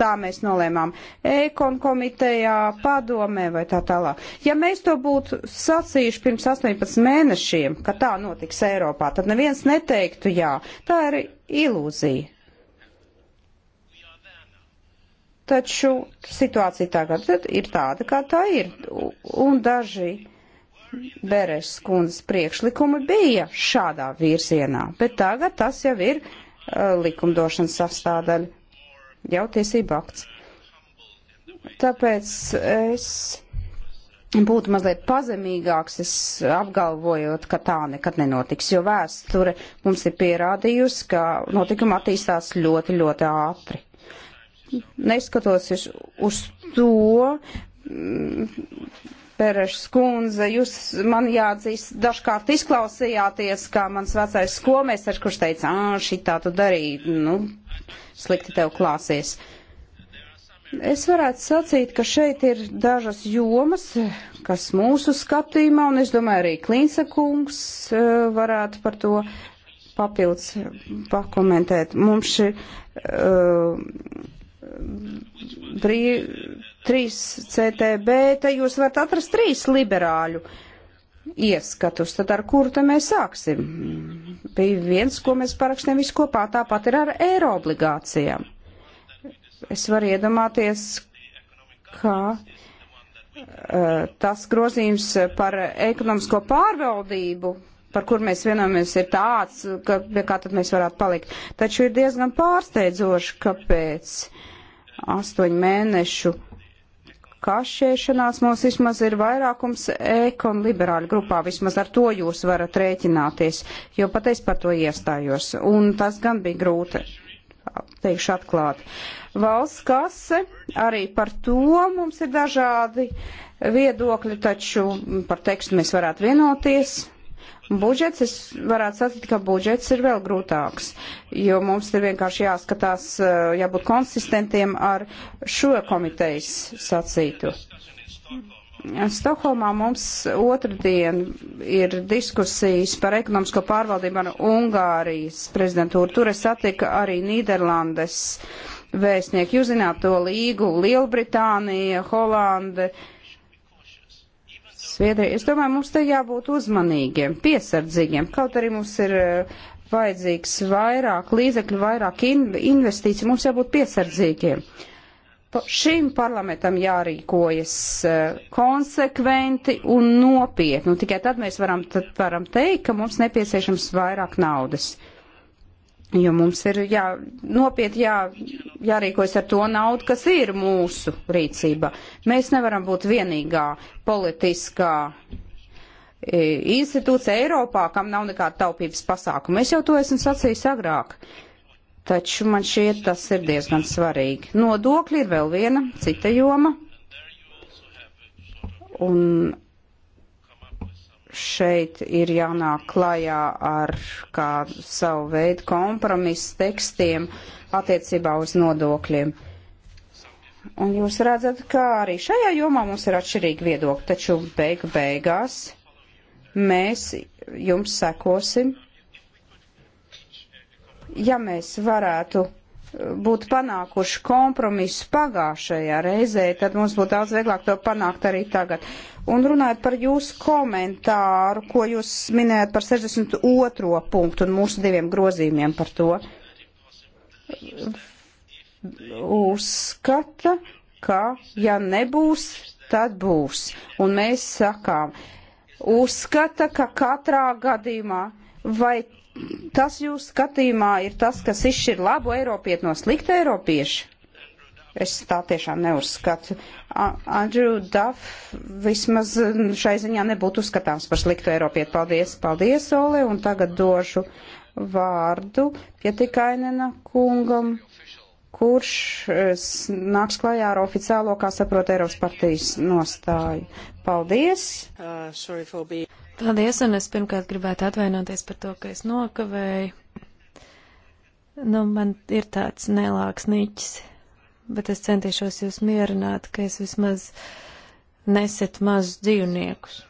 tā mēs nolēmām ekon komitejā, padomē vai tā tālāk. Ja mēs to būtu sacījuši pirms 18 mēnešiem, ka tā notiks Eiropā, tad neviens neteiktu jā. Tā ir ilūzija. Taču situācija tagad ir tāda, kā tā ir. Un daži Bereša skundas priekšlikumi bija šādā virzienā, bet tagad tas jau ir uh, likumdošanas sastādaļa, jau tiesība akts. Tāpēc es būtu mazliet pazemīgāks, es apgalvojot, ka tā nekad nenotiks, jo vēsture mums ir pierādījusi, ka notikumi attīstās ļoti, ļoti ātri neskatoties uz, uz to, Perešs kundze, jūs man jāatzīst, dažkārt izklausījāties, kā mans vecais skolmēsters, kurš teica, ā, šitā tu darīji, nu, slikti tev klāsies. Es varētu sacīt, ka šeit ir dažas jomas, kas mūsu skatījumā, un es domāju, arī Klīnsa kungs e, varētu par to papildus pakomentēt. Mums šī uh, e, 3CTB, te jūs varat atrast trīs liberāļu ieskatus. Tad ar kuru te mēs sāksim? Bija viens, ko mēs parakstiem visu kopā, tāpat ir ar eiro obligācijām. Es varu iedomāties, kā eh, tas grozījums par ekonomisko pārvaldību, par kur mēs vienojamies, ir tāds, ka pie kā tad mēs varētu palikt. Taču ir diezgan pārsteidzoši, kāpēc. Uh, astoņu mēnešu kašēšanās mums vismaz ir vairākums ekon liberāļu grupā, vismaz ar to jūs varat rēķināties, jo pat es par to iestājos, un tas gan bija grūti, teikšu atklāti. Valsts kase, arī par to mums ir dažādi viedokļi, taču par tekstu mēs varētu vienoties, budžets, es varētu sacīt, ka budžets ir vēl grūtāks, jo mums ir vienkārši jāskatās, eh, jābūt konsistentiem ar šo komitejas sacītu. Stokholmā mums otrdien ir diskusijas par ekonomisko pārvaldību ar Ungārijas prezidentūru. Tur es satiku arī Nīderlandes vēstnieku. Jūs zināt to līgu Lielbritānija, Holanda. Uh, Sviedrija. Es domāju, mums te jābūt uzmanīgiem, piesardzīgiem, kaut arī mums ir eh, vajadzīgs vairāk līdzekļu, vairāk in investīciju, mums jābūt piesardzīgiem. Pa šim parlamentam jārīkojas eh, konsekventi un nopietni, un tikai tad mēs varam, tad varam teikt, ka mums nepieciešams vairāk naudas. Uh, Jo mums ir jā, nopietni jā, jārīkojas ar to naudu, kas ir mūsu rīcība. Mēs nevaram būt vienīgā politiskā e, institūcija Eiropā, kam nav nekāda taupības pasākuma. Es jau to esmu sacījis agrāk. Taču man šķiet, tas ir diezgan svarīgi. Nodokļi ir vēl viena cita joma. Un šeit ir jānāk klajā ar kā savu veidu kompromisu tekstiem attiecībā uz nodokļiem. Un jūs redzat, ka arī šajā jomā mums ir atšķirīgi viedokļi, taču beigu beigās mēs jums sekosim. Ja mēs varētu būtu panākuši kompromisu pagājušajā reizē, tad mums būtu daudz vieglāk to panākt arī tagad. Un runājot par jūsu komentāru, ko jūs minējat par 62. punktu un mūsu diviem grozījumiem par to, uzskata, ka ja nebūs, tad būs. Un mēs sakām, uzskata, ka katrā gadījumā vai tas jūs skatījumā ir tas, kas izšķir labu Eiropietu no slikta Eiropiešu? Es tā tiešām neuzskatu. Andrew Duff vismaz šai ziņā nebūtu uzskatāms par sliktu Eiropietu. Paldies, paldies, Ole, un tagad došu vārdu pietikainena kungam, kurš es, nāks klajā ar oficiālo, kā saprot, Eiropas partijas nostāju. Paldies! Uh, Paldies, un es pirmkārt gribētu atvainoties par to, ka es nokavēju. Nu, man ir tāds nelāks niķis, bet es centīšos jūs mierināt, ka es vismaz neset mazus dzīvniekus.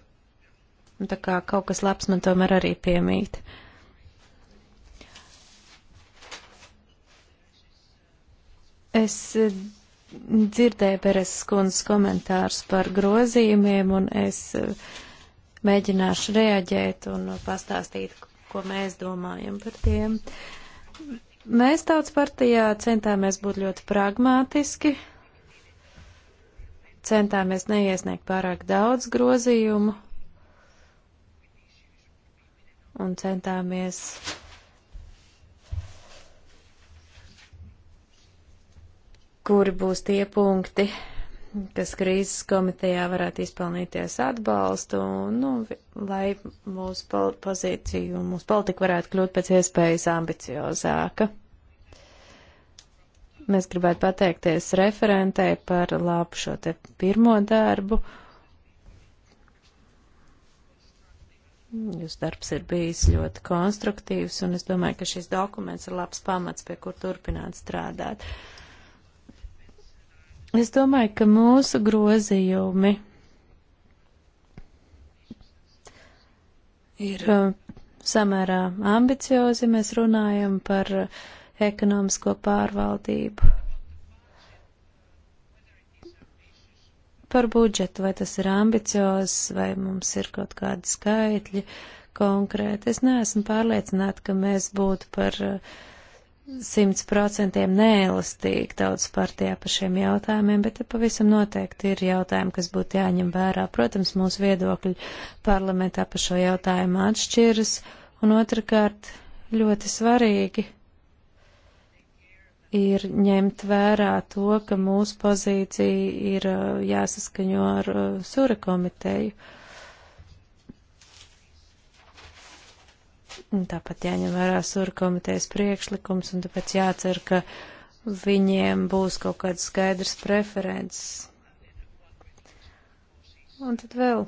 Un tā kā kaut kas labs man tomēr arī piemīt. Es eh, dzirdēju Peres skundas komentārus par grozījumiem, un es uh, mēģināšu reaģēt un pastāstīt, ko mēs domājam par tiem. Mēs tautas partijā centāmies būt ļoti pragmātiski, centāmies neiesniegt pārāk daudz grozījumu un centāmies kuri būs tie punkti, kas krīzes komitejā varētu izpelnīties atbalstu, nu, lai mūsu pozīcija un mūsu politika varētu kļūt pēc iespējas ambiciozāka. Mēs gribētu pateikties referentē par labu šo te pirmo darbu. Jūsu darbs ir bijis ļoti konstruktīvs, un es domāju, ka šis dokuments ir labs pamats, pie kur turpināt strādāt. Uh, Es domāju, ka mūsu grozījumi ir uh, samērā ambiciozi, mēs runājam par ekonomisko pārvaldību. Par budžetu, vai tas ir ambiciozs, vai mums ir kaut kādi skaitļi konkrēti. Es neesmu pārliecināta, ka mēs būtu par uh, simt procentiem neelastīgi tautas partijā par šiem jautājumiem, bet te pavisam noteikti ir jautājumi, kas būtu jāņem vērā. Protams, mūsu viedokļi parlamentā par šo jautājumu atšķiras, un otrkārt ļoti svarīgi ir ņemt vērā to, ka mūsu pozīcija ir uh, jāsaskaņo ar uh, Sura komiteju. Uh, Un tāpat jāņem vērā surkomitejas priekšlikums, un tāpēc jācer, ka viņiem būs kaut kāds skaidrs preferences. Un tad vēl.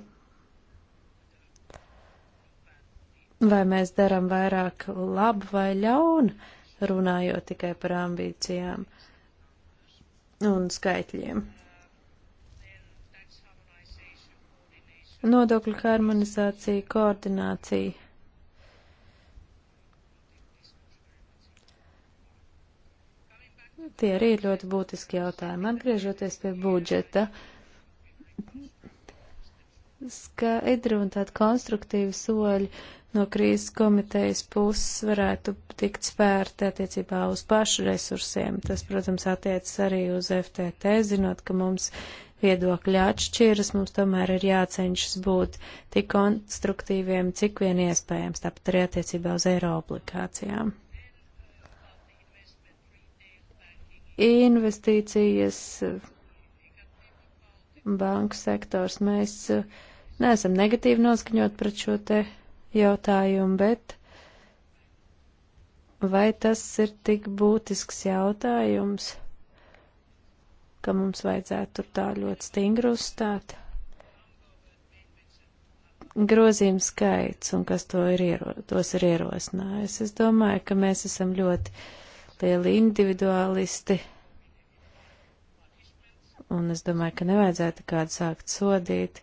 Vai mēs daram vairāk labu vai ļaunu, runājot tikai par ambīcijām un skaitļiem? Nodokļu harmonizācija, koordinācija Tie arī ir ļoti būtiski jautājumi. Atgriežoties pie budžeta, skaidri un tādi konstruktīvi soļi no krīzes komitejas puses varētu tikt spērti attiecībā uz pašu resursiem. Tas, protams, attiecas arī uz FTT, zinot, ka mums viedokļi atšķiras, mums tomēr ir jācenšas būt tik konstruktīviem, cik vien iespējams, tāpat arī attiecībā uz eiro obligācijām. investīcijas, banku sektors. Mēs eh, neesam negatīvi noskaņot pret šo te jautājumu, bet vai tas ir tik būtisks jautājums, ka mums vajadzētu tur tā ļoti stingri uzstāt? Grozījuma skaits un kas to ir iero, tos ir ierosinājis. Es domāju, ka mēs esam ļoti lieli individuālisti. Un es domāju, ka nevajadzētu kādu sākt sodīt.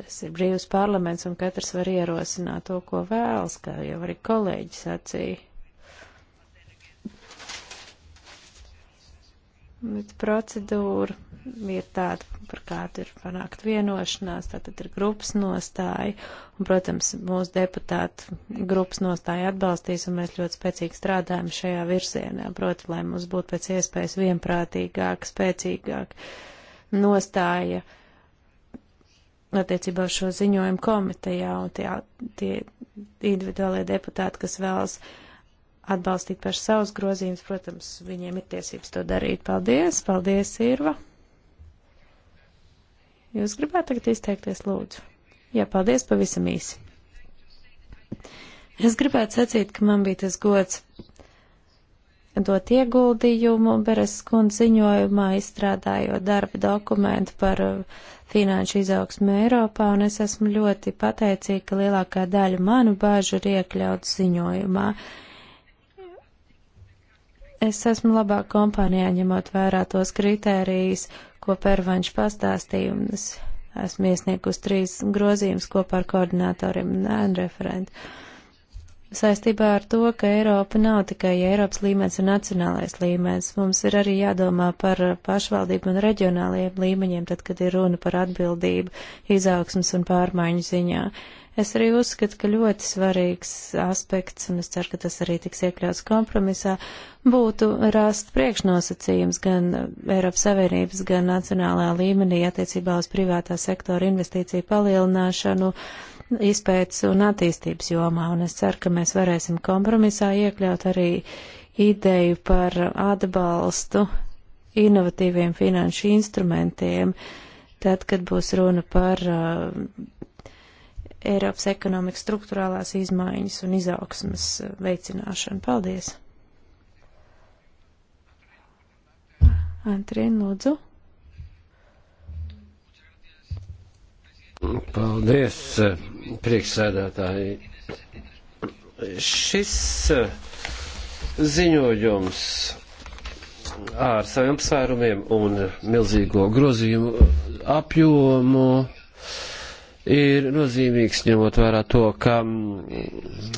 Tas ir brīvs parlaments, un katrs var ierosināt to, ko vēlas, kā jau arī kolēģis sacīja. Bet procedūra ir tāda, par kādu ir panākt vienošanās, tātad ir grupas nostāja, un, protams, mūsu deputātu grupas nostāja atbalstīs, un mēs ļoti spēcīgi strādājam šajā virzienā, proti, lai mums būtu pēc iespējas vienprātīgāk, spēcīgāk nostāja attiecībā uz šo ziņojumu komitejā, un tie, tie individuālie deputāti, kas vēlas uh, atbalstīt par savus grozījumus, protams, viņiem ir tiesības to darīt. Paldies, paldies, Irva. Jūs gribētu tagad izteikties, lūdzu? Jā, paldies, pavisam īsi. Es gribētu sacīt, ka man bija tas gods dot ieguldījumu Beres kundze ziņojumā, izstrādājot darba dokumentu par uh, finanšu izaugsmu Eiropā, un es esmu ļoti pateicīga, ka lielākā daļa manu bāžu ir iekļauts ziņojumā. Uh, Es esmu labā kompānijā, ņemot vērā tos kritērijus, ko Pervanš pastāstīja, un es esmu iesniegus trīs grozījumus kopā ar koordinatoriem un referentu. Saistībā ar to, ka Eiropa nav tikai Eiropas līmenis un nacionālais līmenis, mums ir arī jādomā par pašvaldību un reģionālajiem līmeņiem, tad, kad ir runa par atbildību, izaugsmas un pārmaiņu ziņā. Uh, Es arī uzskatu, ka ļoti svarīgs aspekts, un es ceru, ka tas arī tiks iekļauts kompromisā, būtu rast priekšnosacījums gan Eiropas Savienības, gan nacionālā līmenī attiecībā uz privātā sektora investīciju palielināšanu izpētes un attīstības jomā, un es ceru, ka mēs varēsim kompromisā iekļaut arī ideju par atbalstu inovatīviem finanšu instrumentiem, tad, kad būs runa par uh, Eiropas ekonomikas struktūrālās izmaiņas un izaugsmas eh, veicināšanu. Paldies! Antrien, lūdzu. Paldies, eh, priekšsēdētāji. Šis eh, ziņojums ar saviem apsvērumiem un milzīgo grozījumu apjomu ir nozīmīgs, ņemot vērā to, ka mm,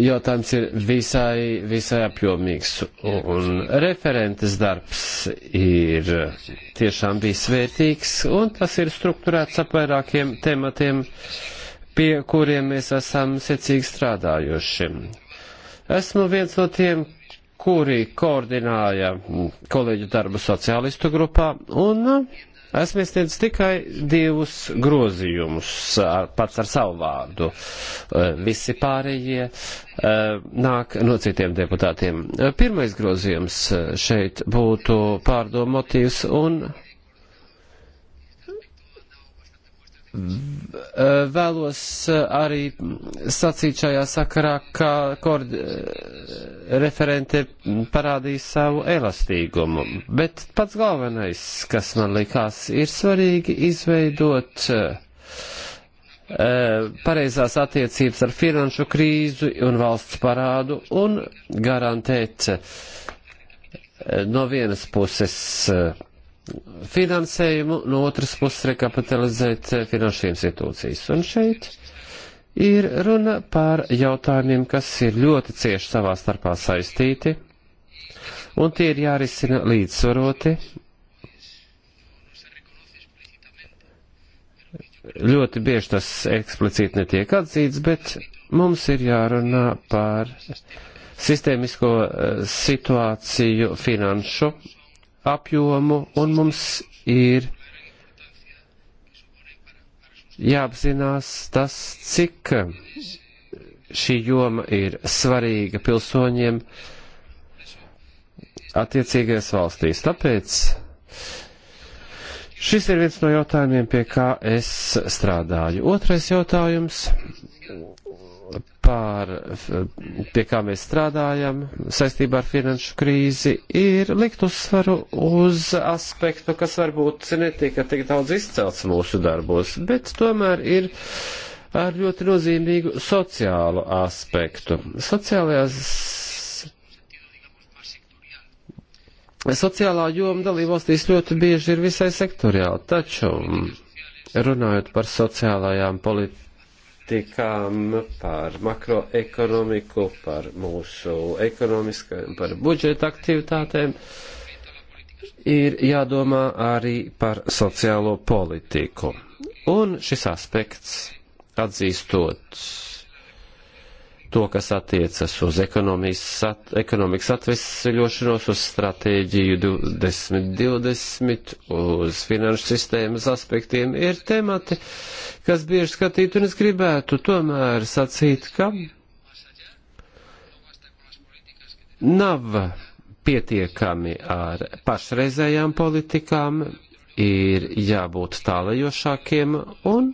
jautājums ir visai, visai apjomīgs, un referentes darbs ir tiešām bijis vērtīgs, un tas ir strukturēts ap vairākiem tematiem, pie kuriem mēs esam secīgi strādājuši. Esmu viens no tiem, kuri koordināja kolēģu darbu sociālistu grupā, un uh, Esmu iesniedzis tikai divus grozījumus ar, pats ar savu vārdu. E, visi pārējie e, nāk no citiem deputātiem. E, pirmais grozījums šeit būtu pārdomu motīvs un Eh, vēlos eh, arī sacīt šajā sakarā, ka kord, eh, referente parādīja savu elastīgumu, bet pats galvenais, kas man likās, ir svarīgi izveidot pareizās attiecības ar finanšu krīzi un valsts parādu un garantēt no vienas puses uh, finansējumu, no otras puses rekapitalizēt eh, finanšu institūcijas. Un šeit ir runa par jautājumiem, kas ir ļoti cieši savā starpā saistīti, un tie ir jārisina līdzsvaroti. Ļoti bieži tas eksplicīti netiek atzīts, bet mums ir jārunā par sistēmisko eh, situāciju finanšu apjomu, un mums ir jāapzinās tas, cik šī joma ir svarīga pilsoņiem attiecīgajās valstīs. Tāpēc šis ir viens no jautājumiem, pie kā es strādāju. Otrais jautājums pār pie kā mēs strādājam saistībā ar finanšu krīzi, ir likt uzsvaru uz aspektu, kas varbūt netika tik daudz izcelts mūsu darbos, bet tomēr ir ar ļoti nozīmīgu sociālu aspektu. Sociālajās Sociālā joma dalībvalstīs ļoti bieži ir visai sektoriāla, taču runājot par sociālajām politikām, politikām, par makroekonomiku, par mūsu ekonomiskajām, par budžeta aktivitātēm, ir jādomā arī par sociālo politiku. Un šis aspekts, atzīstot to, kas attiecas uz at, ekonomikas atvesļošanos, uz stratēģiju 2020, uz finanšu sistēmas aspektiem, ir temati, kas bieži skatīt, un es gribētu tomēr sacīt, ka nav pietiekami ar pašreizējām politikām, ir jābūt tālajošākiem, un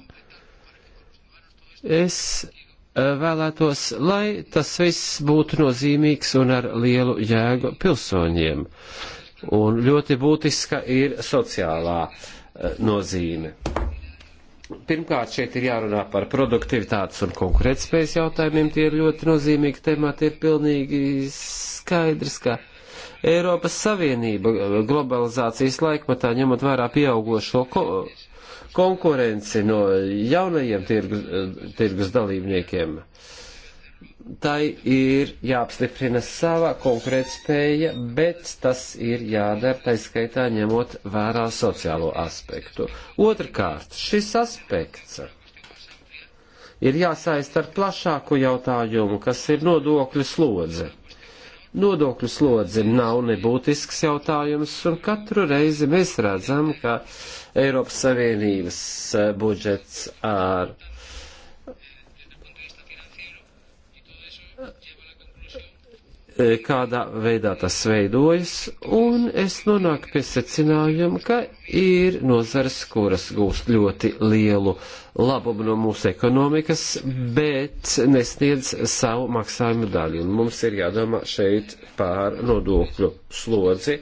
es Eh, vēlētos, lai tas viss būtu nozīmīgs un ar lielu jēgu pilsoņiem. Un ļoti būtiska ir sociālā eh, nozīme. Pirmkārt, šeit ir jārunā par produktivitātes un konkurētspējas jautājumiem. Tie ir ļoti nozīmīgi temati. Ir pilnīgi skaidrs, ka Eiropas Savienība globalizācijas laikmatā ņemot vērā pieaugošo ko konkurenci no jaunajiem tirgus, eh, tirgus dalībniekiem. Tai ir jāapstiprina savā konkurētspēja, bet tas ir jādara taiskaitā ņemot vērā sociālo aspektu. Otrkārt, šis aspekts ir jāsaist ar plašāku jautājumu, kas ir nodokļu slodze. Nodokļu slodzi nav nebūtisks jautājums, un katru reizi mēs redzam, ka Eiropas Savienības eh, budžets ar kādā veidā tas veidojas, un es nonāku pie secinājuma, ka ir nozares, kuras gūst ļoti lielu labumu no mūsu ekonomikas, bet nesniedz savu maksājumu daļu, un mums ir jādomā šeit pār nodokļu slodzi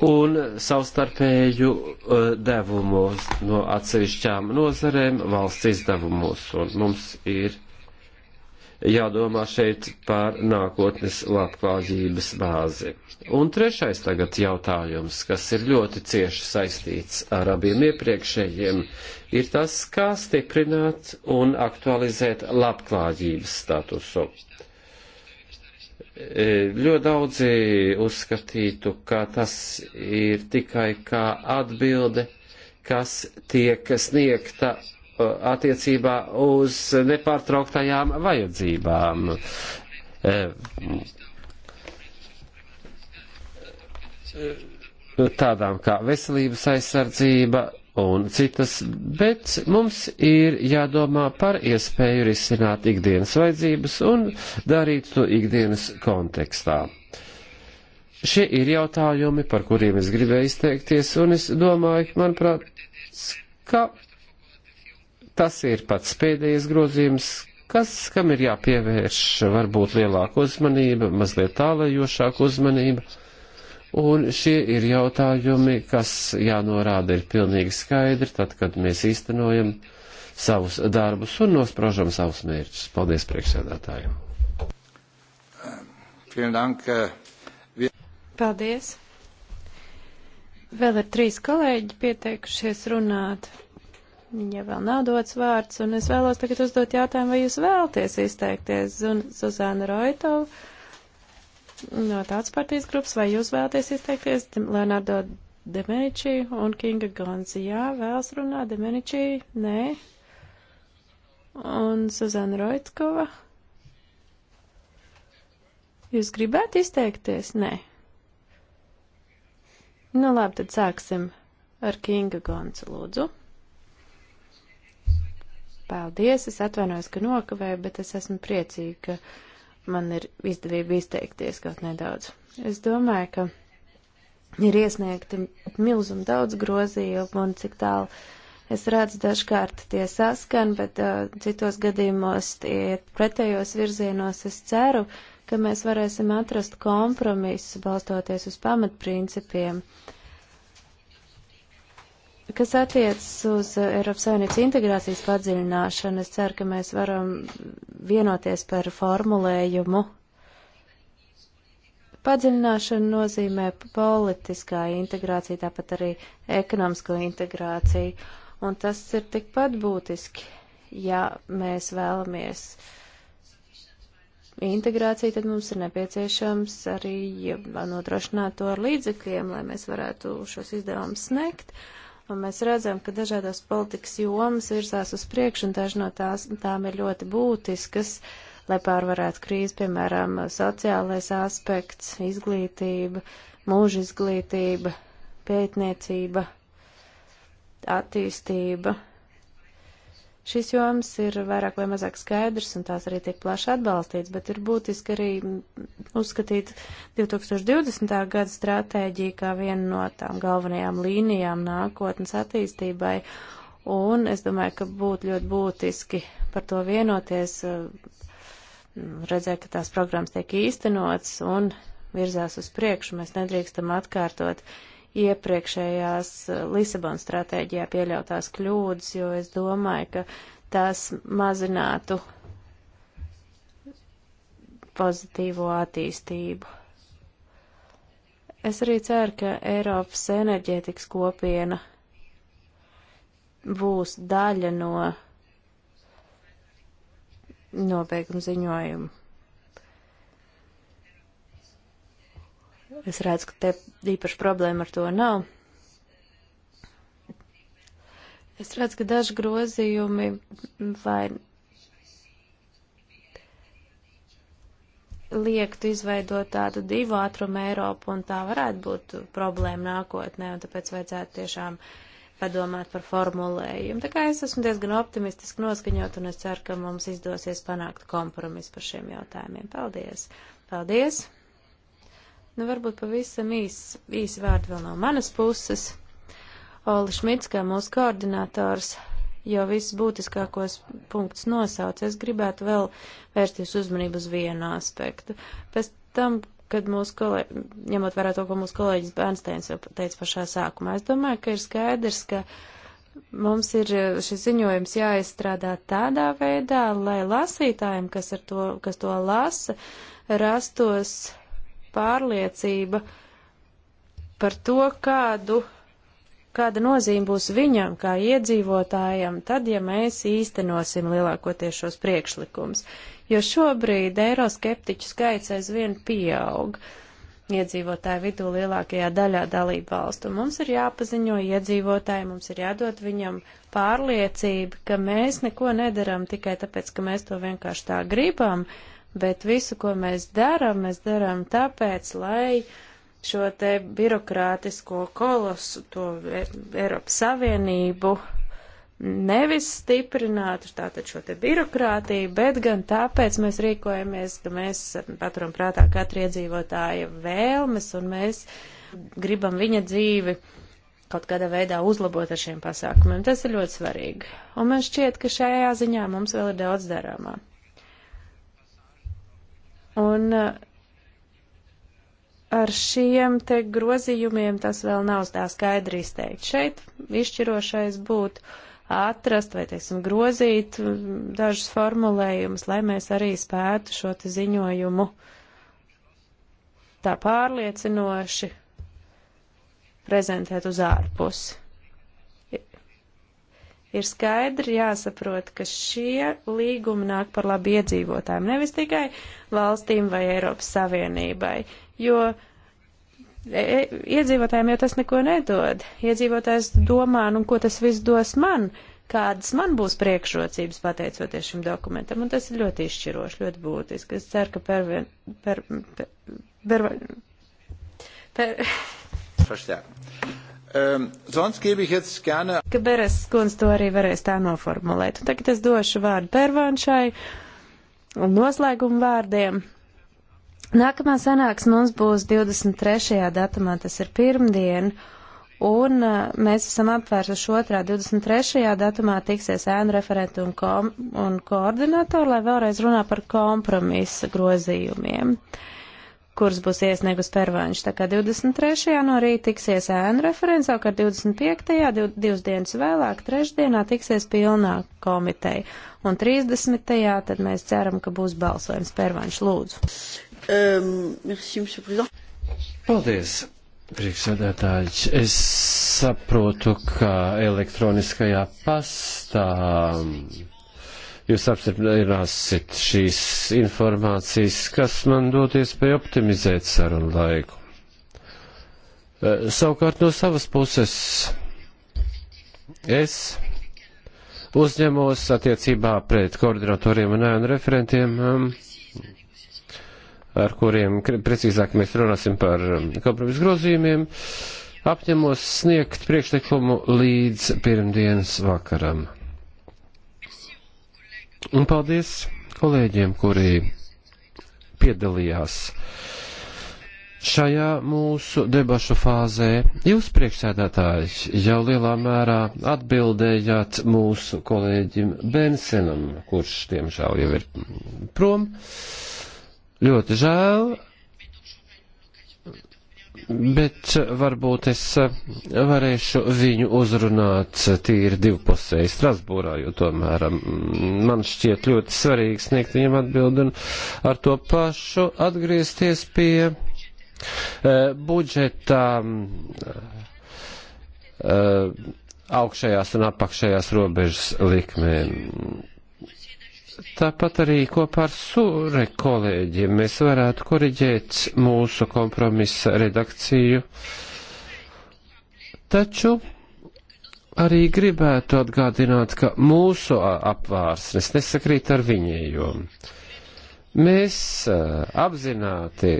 un savstarpēju uh, devumos no atsevišķām nozarēm valsts izdevumos, un mums ir jādomā šeit par nākotnes labklājības bāzi. Un trešais tagad jautājums, kas ir ļoti cieši saistīts ar abiem iepriekšējiem, ir tas, kā stiprināt un aktualizēt labklājības statusu. E, ļoti daudzi uzskatītu, ka tas ir tikai kā atbilde, kas tiek sniegta attiecībā uz nepārtrauktajām vajadzībām. E, e, tādām kā veselības aizsardzība un citas, bet mums ir jādomā par iespēju risināt ikdienas vajadzības un darīt to ikdienas kontekstā. Šie ir jautājumi, par kuriem es gribēju izteikties, un es domāju, manuprāt, ka Tas ir pats pēdējais grozījums, kas, kam ir jāpievērš varbūt lielāka uzmanība, mazliet tālajošāka uzmanība. Un šie ir jautājumi, kas jānorāda ir pilnīgi skaidri, tad, kad mēs īstenojam savus darbus un nosprožam savus mērķus. Paldies priekšsēdētājiem! Eh, Paldies! Vēl ir trīs kolēģi pieteikušies runāt ja vēl nav dots vārds, un es vēlos tagad uzdot jautājumu, vai jūs vēlties izteikties, Zuzana Roitova no tāds partijas grupas, vai jūs vēlties izteikties, Leonardo Demeniči un Kinga Gons, jā, vēlas runāt, Demeniči, nē, un Zuzana Roitkova. Jūs gribētu izteikties? Nē. Nu labi, tad sāksim ar Kinga Gonsu, lūdzu. Paldies, es atvainojos, ka nokavēju, bet es esmu priecīga, ka man ir izdevība izteikties kaut nedaudz. Es domāju, ka ir iesniegti milzum daudz grozījumu un cik tālu es redzu dažkārt tie saskan, bet uh, citos gadījumos tie ir pretējos virzienos. Es ceru, ka mēs varēsim atrast kompromisu balstoties uz pamatprincipiem. Uh, Kas attiecas uz eh, Eiropas Savienības integrācijas padziļināšanu, es ceru, ka mēs varam vienoties par formulējumu. Padziļināšana nozīmē politiskā integrācija, tāpat arī ekonomisko integrāciju, un tas ir tikpat būtiski, ja mēs vēlamies uh, integrāciju, tad mums ir nepieciešams arī nodrošināt to ar līdzekļiem, lai mēs varētu šos izdevumus sniegt. Un mēs redzam, ka dažādās politikas jomas virzās uz priekšu, un daži no tās, tām ir ļoti būtiskas, lai pārvarētu krīzi, piemēram, sociālais aspekts, izglītība, mūža izglītība, pētniecība, attīstība, Šis joms ir vairāk vai mazāk skaidrs, un tās arī tiek plaši atbalstīts, bet ir būtiski arī uzskatīt 2020. gada stratēģiju kā vienu no tām galvenajām līnijām nākotnes attīstībai, un es domāju, ka būtu ļoti būtiski par to vienoties, mm, redzēt, ka tās programmas tiek īstenots un virzās uz priekšu, mēs nedrīkstam atkārtot uh, iepriekšējās eh, Lisabonas stratēģijā pieļautās kļūdas, jo es domāju, ka tās mazinātu pozitīvo attīstību. Es arī ceru, ka Eiropas enerģētikas kopiena būs daļa no nobeiguma ziņojuma. Es redzu, ka te īpaši problēma ar to nav. Es redzu, ka daži grozījumi vai liektu izveidot tādu divu ātrumu Eiropu, un tā varētu būt problēma nākotnē, un tāpēc vajadzētu tiešām padomāt par formulējumu. Tā kā es esmu diezgan optimistiski noskaņot, un es ceru, ka mums izdosies panākt kompromisu par šiem jautājumiem. Paldies! Paldies! Nu, varbūt pavisam īsi īs vārdi vēl no manas puses. Ola Šmits, kā mūsu koordinators, jau visus būtiskākos punktus nosauca. Es gribētu vēl vērsties uzmanību uz vienu aspektu. Pēc tam, kad mūsu kolēģi, ņemot vērā to, ko mūsu kolēģis Bērnsteins jau teica pašā sākumā, es domāju, ka ir skaidrs, ka mums ir e, šis ziņojums jāizstrādā tādā veidā, lai lasītājiem, kas, to, kas to lasa, rastos pārliecība par to, kādu, kāda nozīme būs viņam kā iedzīvotājam, tad, ja mēs īstenosim lielākoties šos priekšlikums. Jo šobrīd eiroskeptiķu skaits aizvien pieaug iedzīvotāju vidū lielākajā daļā dalību valstu. Mums ir jāpaziņo iedzīvotāji, mums ir jādod viņam pārliecība, ka mēs neko nedaram tikai tāpēc, ka mēs to vienkārši tā gribam, bet visu, ko mēs darām, mēs darām tāpēc, lai šo te birokrātisko kolosu, to e, Eiropas Savienību nevis stiprinātu tātad šo te birokrātiju, bet gan tāpēc mēs rīkojamies, ka mēs paturam prātā katra iedzīvotāja vēlmes un mēs gribam viņa dzīvi kaut kādā veidā uzlabot ar šiem pasākumiem. Tas ir ļoti svarīgi. Un man šķiet, ka šajā ziņā mums vēl ir daudz darāmā. Un eh, ar šiem te grozījumiem tas vēl nav tā skaidri izteikt. Šeit izšķirošais būtu atrast vai, teiksim, grozīt mm, dažus formulējumus, lai mēs arī spētu šo te ziņojumu tā pārliecinoši prezentēt uz ārpusi ir skaidri jāsaprot, ka šie līgumi nāk par labu iedzīvotājiem, nevis tikai valstīm vai Eiropas Savienībai, jo e, e iedzīvotājiem jau tas neko nedod. Iedzīvotājs domā, nu, ko tas viss dos man, kādas man būs priekšrocības pateicoties šim dokumentam, un tas ir ļoti izšķiroši, ļoti būtiski. Es ceru, ka pervien, per, per, per, per, per, per, Um, gerne... Ka Beres skundz to arī varēs tā noformulēt. Un tagad es došu vārdu Pervanšai un noslēgumu vārdiem. Nākamā sanāks mums būs 23. datumā, tas ir pirmdien, un e, mēs esam apvērsuši otrā 23. datumā tiksies ēnu referentu un, kom, un koordinatoru, lai vēlreiz runā par kompromisa grozījumiem. Uh, kuras būs iesniegus pervāņš. Tā kā 23. no rīta tiksies ēnu referents, savukārt 25. Div, divas dienas vēlāk, trešdienā tiksies pilnā komiteja. Un 30. tad mēs ceram, ka būs balsojums pervāņš lūdzu. Um, merci, Paldies! Priekšsēdētājs, es saprotu, ka elektroniskajā pastā jūs apstiprināsit šīs informācijas, kas man dot iespēju optimizēt sarunu laiku. Eh, savukārt no savas puses es uzņemos attiecībā pret koordinatoriem un ēnu referentiem, um, ar kuriem precīzāk mēs runāsim par um, kompromisu grozījumiem, apņemos sniegt priekšlikumu līdz pirmdienas vakaram. Un paldies kolēģiem, kuri piedalījās šajā mūsu debašu fāzē. Jūs priekšsēdētājs jau lielā mērā atbildējāt mūsu kolēģim Bensenam, kurš tiemžēl jau ir prom. Ļoti žēl, bet varbūt es varēšu viņu uzrunāt tīri divpusēji Strasbūrā, jo tomēr mm, man šķiet ļoti svarīgi sniegt viņam atbildi un ar to pašu atgriezties pie eh, budžeta eh, augšējās un apakšējās robežas likmēm tāpat arī kopā ar Sūre kolēģiem mēs varētu koriģēt mūsu kompromisa redakciju. Taču arī gribētu atgādināt, ka mūsu apvārsnes nesakrīt ar viņiem. Mēs apzināti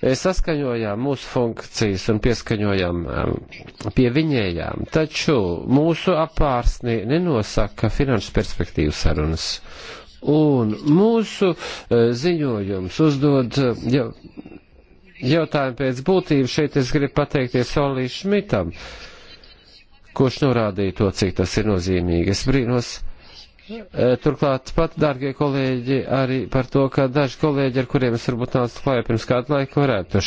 saskaņojām mūsu funkcijas un pieskaņojām um, pie viņējām, taču mūsu apārsni nenosaka finanšu perspektīvu sarunas. Un mūsu uh, ziņojums uzdod uh, jau, jautājumu pēc būtības. Šeit es gribu pateikties Olī Šmitam, kurš norādīja to, cik tas ir nozīmīgi. Es brīnos E, turklāt pat, dārgie kolēģi, arī par to, ka daži kolēģi, ar kuriem es varbūt nācu klājā pirms kādu laiku, varētu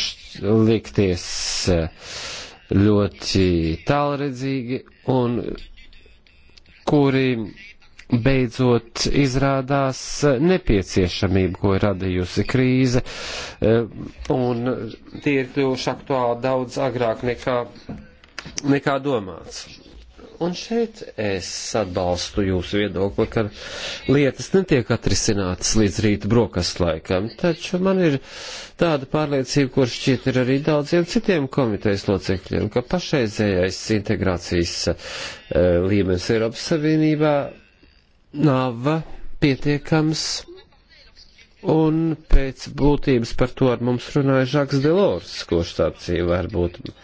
likties e, ļoti tālredzīgi un kuri beidzot izrādās nepieciešamība, ko ir radījusi krīze, e, un tie ir kļuvuši aktuāli daudz agrāk nekā, nekā domāts. Un šeit es atbalstu jūsu viedokli, ka lietas netiek atrisinātas līdz rīta brokastu laikam, taču man ir tāda pārliecība, kur šķiet ir arī daudziem citiem komitejas locekļiem, ka pašreizējais integrācijas e, līmenis Eiropas Savienībā nav pietiekams, un pēc būtības par to ar mums runāja Žaks Delors, kurš tāds var būt. E,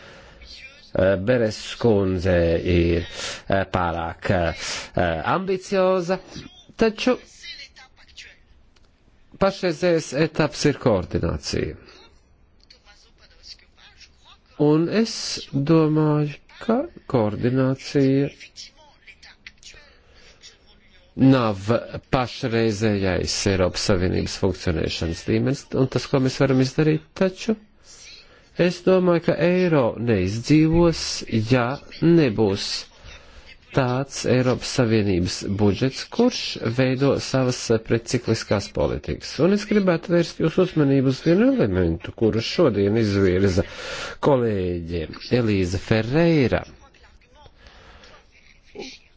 Eh, Beres skundze ir eh, pārāk eh, ambicioza, taču pašreizējais etaps ir koordinācija. Un es domāju, ka koordinācija nav pašreizējais Eiropas Savienības funkcionēšanas līmenis, un tas, ko mēs varam izdarīt, taču Es domāju, ka eiro neizdzīvos, ja nebūs tāds Eiropas Savienības budžets, kurš veido savas precikliskās politikas. Un es gribētu vērst jūsu uzmanību uz vienu elementu, kuru šodien izvirza kolēģi Elīza Ferreira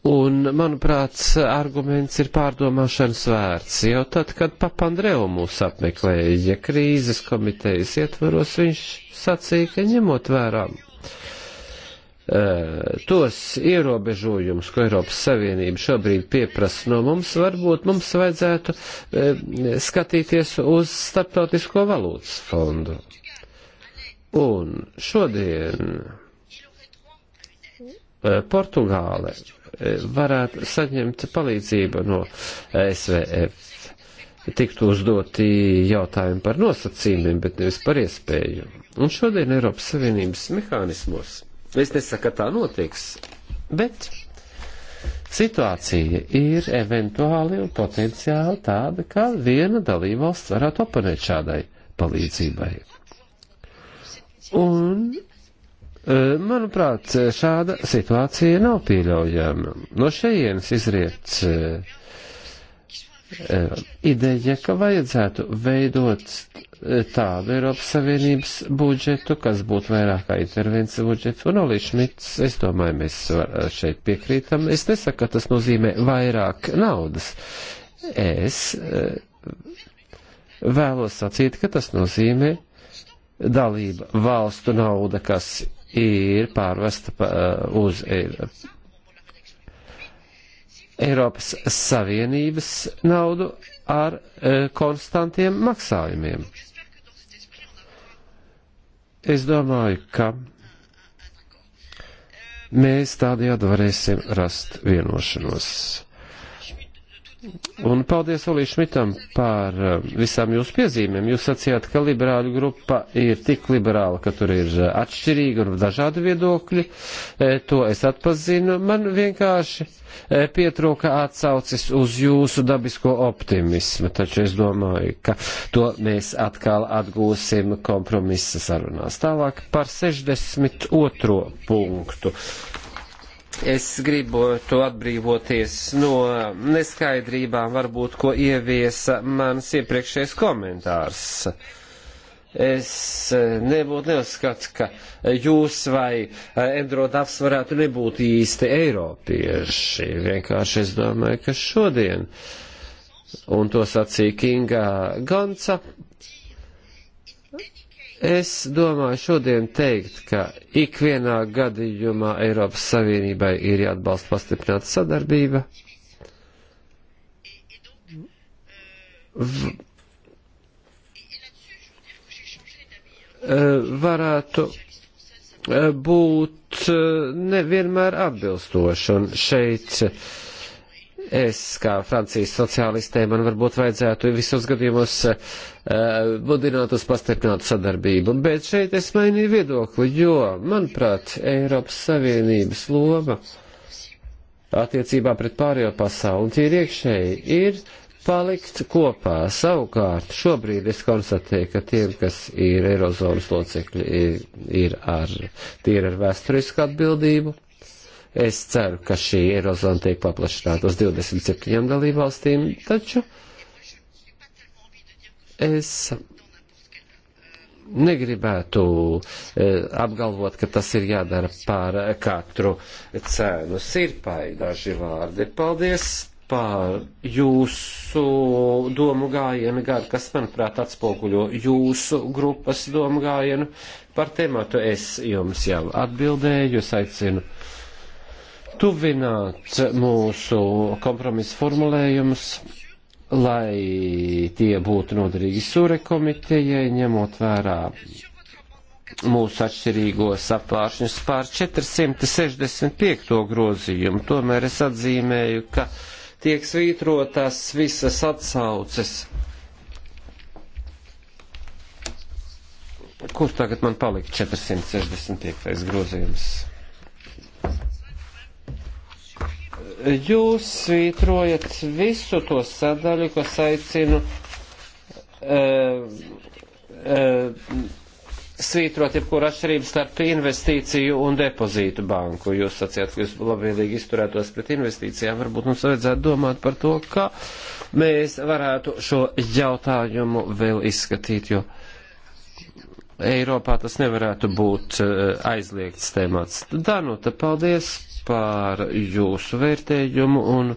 Un, manuprāt, arguments ir pārdomāšanas vērts, jo tad, kad Papandreu mūs apmeklēja krīzes komitejas ietvaros, viņš sacīja, ka ņemot vērā uh, tos ierobežojumus, ko Eiropas Savienība šobrīd pieprasa no mums, varbūt mums vajadzētu uh, skatīties uz Startautisko valūtas fondu. Un šodien uh, Portugāle E, varētu saņemt palīdzību no SVF. Tiktu uzdoti jautājumi par nosacījumiem, bet nevis par iespēju. Un šodien Eiropas Savienības mehānismos, es nesaku, ka tā notiks, bet situācija ir eventuāli un potenciāli tāda, ka viena dalībvalsts varētu oponēt šādai palīdzībai. Un E, manuprāt, šāda situācija nav pieļaujama. No šejienes izriet e, e, ideja, ka vajadzētu veidot tādu Eiropas Savienības budžetu, kas būtu vairāk kā intervences budžets. Un Olī Šmits, es domāju, mēs šeit piekrītam. Es nesaku, ka tas nozīmē vairāk naudas. Es vēlos sacīt, ka tas nozīmē dalība valstu nauda, kas ir pārvesta eh, uz e, Eiropas Savienības naudu ar eh, konstantiem maksājumiem. Es domāju, ka mēs tādējādi varēsim rast vienošanos. Un paldies Olī Šmitam par eh, visām jūsu piezīmēm. Jūs sacījāt, ka liberāļu grupa ir tik liberāla, ka tur ir eh, atšķirīgi un dažādi viedokļi. Eh, to es atpazinu. Man vienkārši pietrūka atsaucis uz jūsu dabisko optimismu, taču es domāju, ka to mēs atkal atgūsim kompromisa sarunās. Tālāk par 62. punktu Es gribu to atbrīvoties no neskaidrībām, varbūt, ko ieviesa mans iepriekšējais komentārs. Es eh, nebūtu neuzskatu, ka jūs vai eh, Endrodavs varētu nebūt īsti eiropieši. Vienkārši es domāju, ka šodien, un to sacīja Kinga Ganca, Es domāju šodien teikt, ka ikvienā gadījumā Eiropas Savienībai ir jāatbalsta pastiprināta sadarbība. V eh, varētu eh, būt eh, nevienmēr atbilstoši. Un šeit es kā Francijas sociālistē man varbūt vajadzētu visos gadījumos uh, eh, budināt uz pastiprinātu sadarbību, bet šeit es mainīju viedokli, jo, manuprāt, Eiropas Savienības loma attiecībā pret pārējo pasauli, tie ir iekšēji, ir palikt kopā. Savukārt, šobrīd es konstatēju, ka tiem, kas ir Eirozonas locekļi, ir, ir ar, tie ir ar vēsturisku atbildību Es ceru, ka šī Eirozona tiek paplašināta uz 27 dalībvalstīm, taču es negribētu eh, apgalvot, ka tas ir jādara par katru cēnu. Sirpai daži vārdi. Paldies par jūsu domu gājienu, gar, kas, manuprāt, atspoguļo jūsu grupas domu gājienu. Par tematu es jums jau atbildēju, es aicinu tuvināt mūsu kompromisu formulējumus, lai tie būtu noderīgi sure komitejai, ņemot vērā mūsu atšķirīgo saplāšņus pār 465. grozījumu. Tomēr es atzīmēju, ka tiek svītrotās visas atsauces. Kur tagad man palika 465. grozījums? Jūs svītrojat visu to sadaļu, kas aicinu uh, e, uh, e, svītrot jebkuru atšķirību starp investīciju un depozītu banku. Jūs sacījāt, ka jūs labvēlīgi izturētos pret investīcijām. Varbūt mums vajadzētu domāt par to, kā mēs varētu šo jautājumu vēl izskatīt, jo Eiropā tas nevarētu būt e, aizliegts temats. Danuta, paldies par jūsu vērtējumu un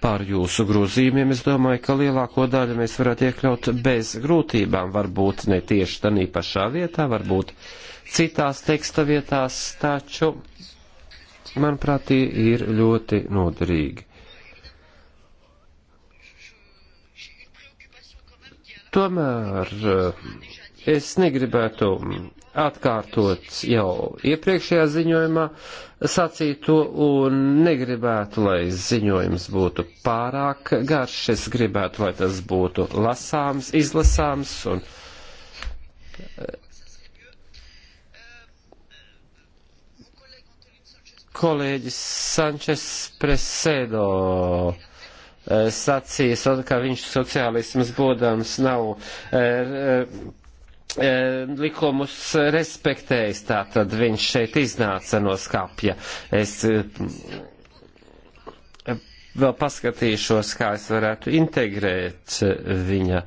par jūsu grozījumiem. Es domāju, ka lielāko daļu mēs varētu iekļaut bez grūtībām, varbūt ne tieši tādā pašā vietā, varbūt citās teksta vietās, taču, manuprāt, tie ir ļoti noderīgi. Tomēr eh, es negribētu atkārtot jau iepriekšējā ziņojumā sacīto un negribētu, lai ziņojums būtu pārāk garš. Es gribētu, lai tas būtu lasāms, izlasāms un. Eh, kolēģis Sančes Presēdo eh, sacīs, ka viņš sociālisms godams nav. Er, er, Eh, likumus respektējis, tātad viņš šeit iznāca no skapja. Es eh, vēl paskatīšos, kā es varētu integrēt eh, viņa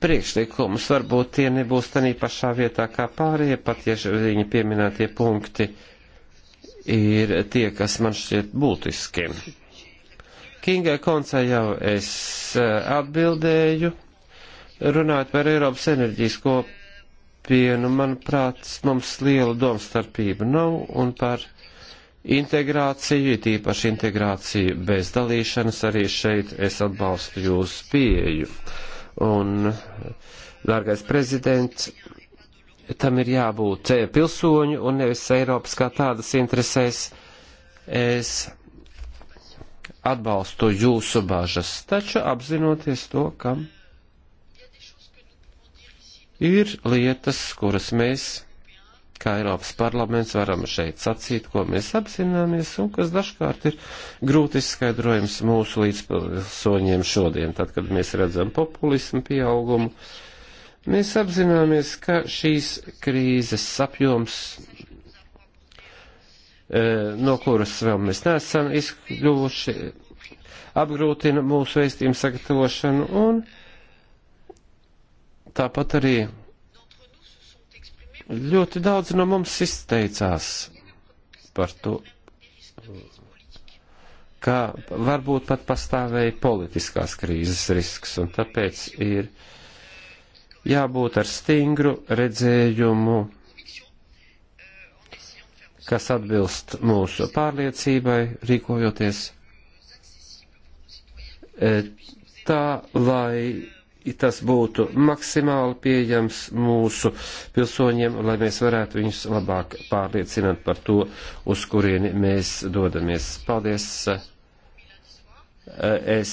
priekšlikumus. Varbūt tie nebūs tanī pašā vietā kā pārējie, pat ja viņa pieminētie punkti ir tie, kas man šķiet būtiski. Kingai Koncai jau es atbildēju. Runājot par Eiropas enerģijas kopienu, manuprāt, mums liela domstarpība nav un par integrāciju, it īpaši integrāciju bez dalīšanas, arī šeit es atbalstu jūsu pieeju. Un, dārgais prezidents, tam ir jābūt eh, pilsoņu un nevis Eiropas kā tādas interesēs. Es atbalstu jūsu bažas, taču apzinoties to, kam Ir lietas, kuras mēs, kā Eiropas parlaments, varam šeit sacīt, ko mēs apzināmies un kas dažkārt ir grūti izskaidrojams mūsu līdzpilsoņiem šodien, tad, kad mēs redzam populismu pieaugumu. Mēs apzināmies, ka šīs krīzes apjoms eh, no kuras vēl mēs neesam izkļuvuši, apgrūtina mūsu veistījumu sagatavošanu, un Tāpat arī ļoti daudz no mums izteicās par to, ka varbūt pat pastāvēja politiskās krīzes risks, un tāpēc ir jābūt ar stingru redzējumu, kas atbilst mūsu pārliecībai, rīkojoties e, tā, lai tas būtu maksimāli pieejams mūsu pilsoņiem, lai mēs varētu viņus labāk pārliecināt par to, uz kurieni mēs dodamies. Paldies! Es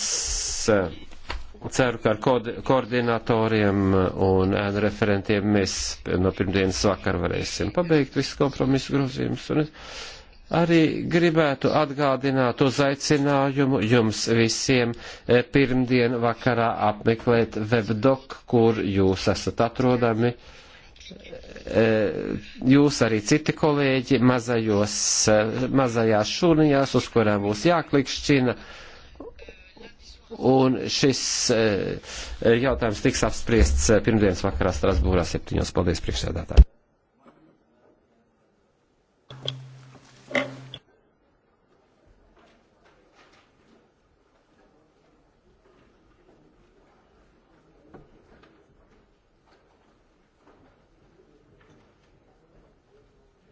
ceru, ka ar koordinatoriem un ēnu referentiem mēs no pirmdienas vakar varēsim pabeigt visu kompromisu grozījumus. Arī gribētu atgādināt uz aicinājumu jums visiem e, pirmdien vakarā apmeklēt webdok, kur jūs esat atrodami. E, jūs arī citi kolēģi mazajos, e, mazajās šūnijās, uz kurām būs jāklikšķina. Un šis jautājums tiks apspriests pirmdienas vakarā Strasbūrā septiņos. Paldies, priekšsēdētāji!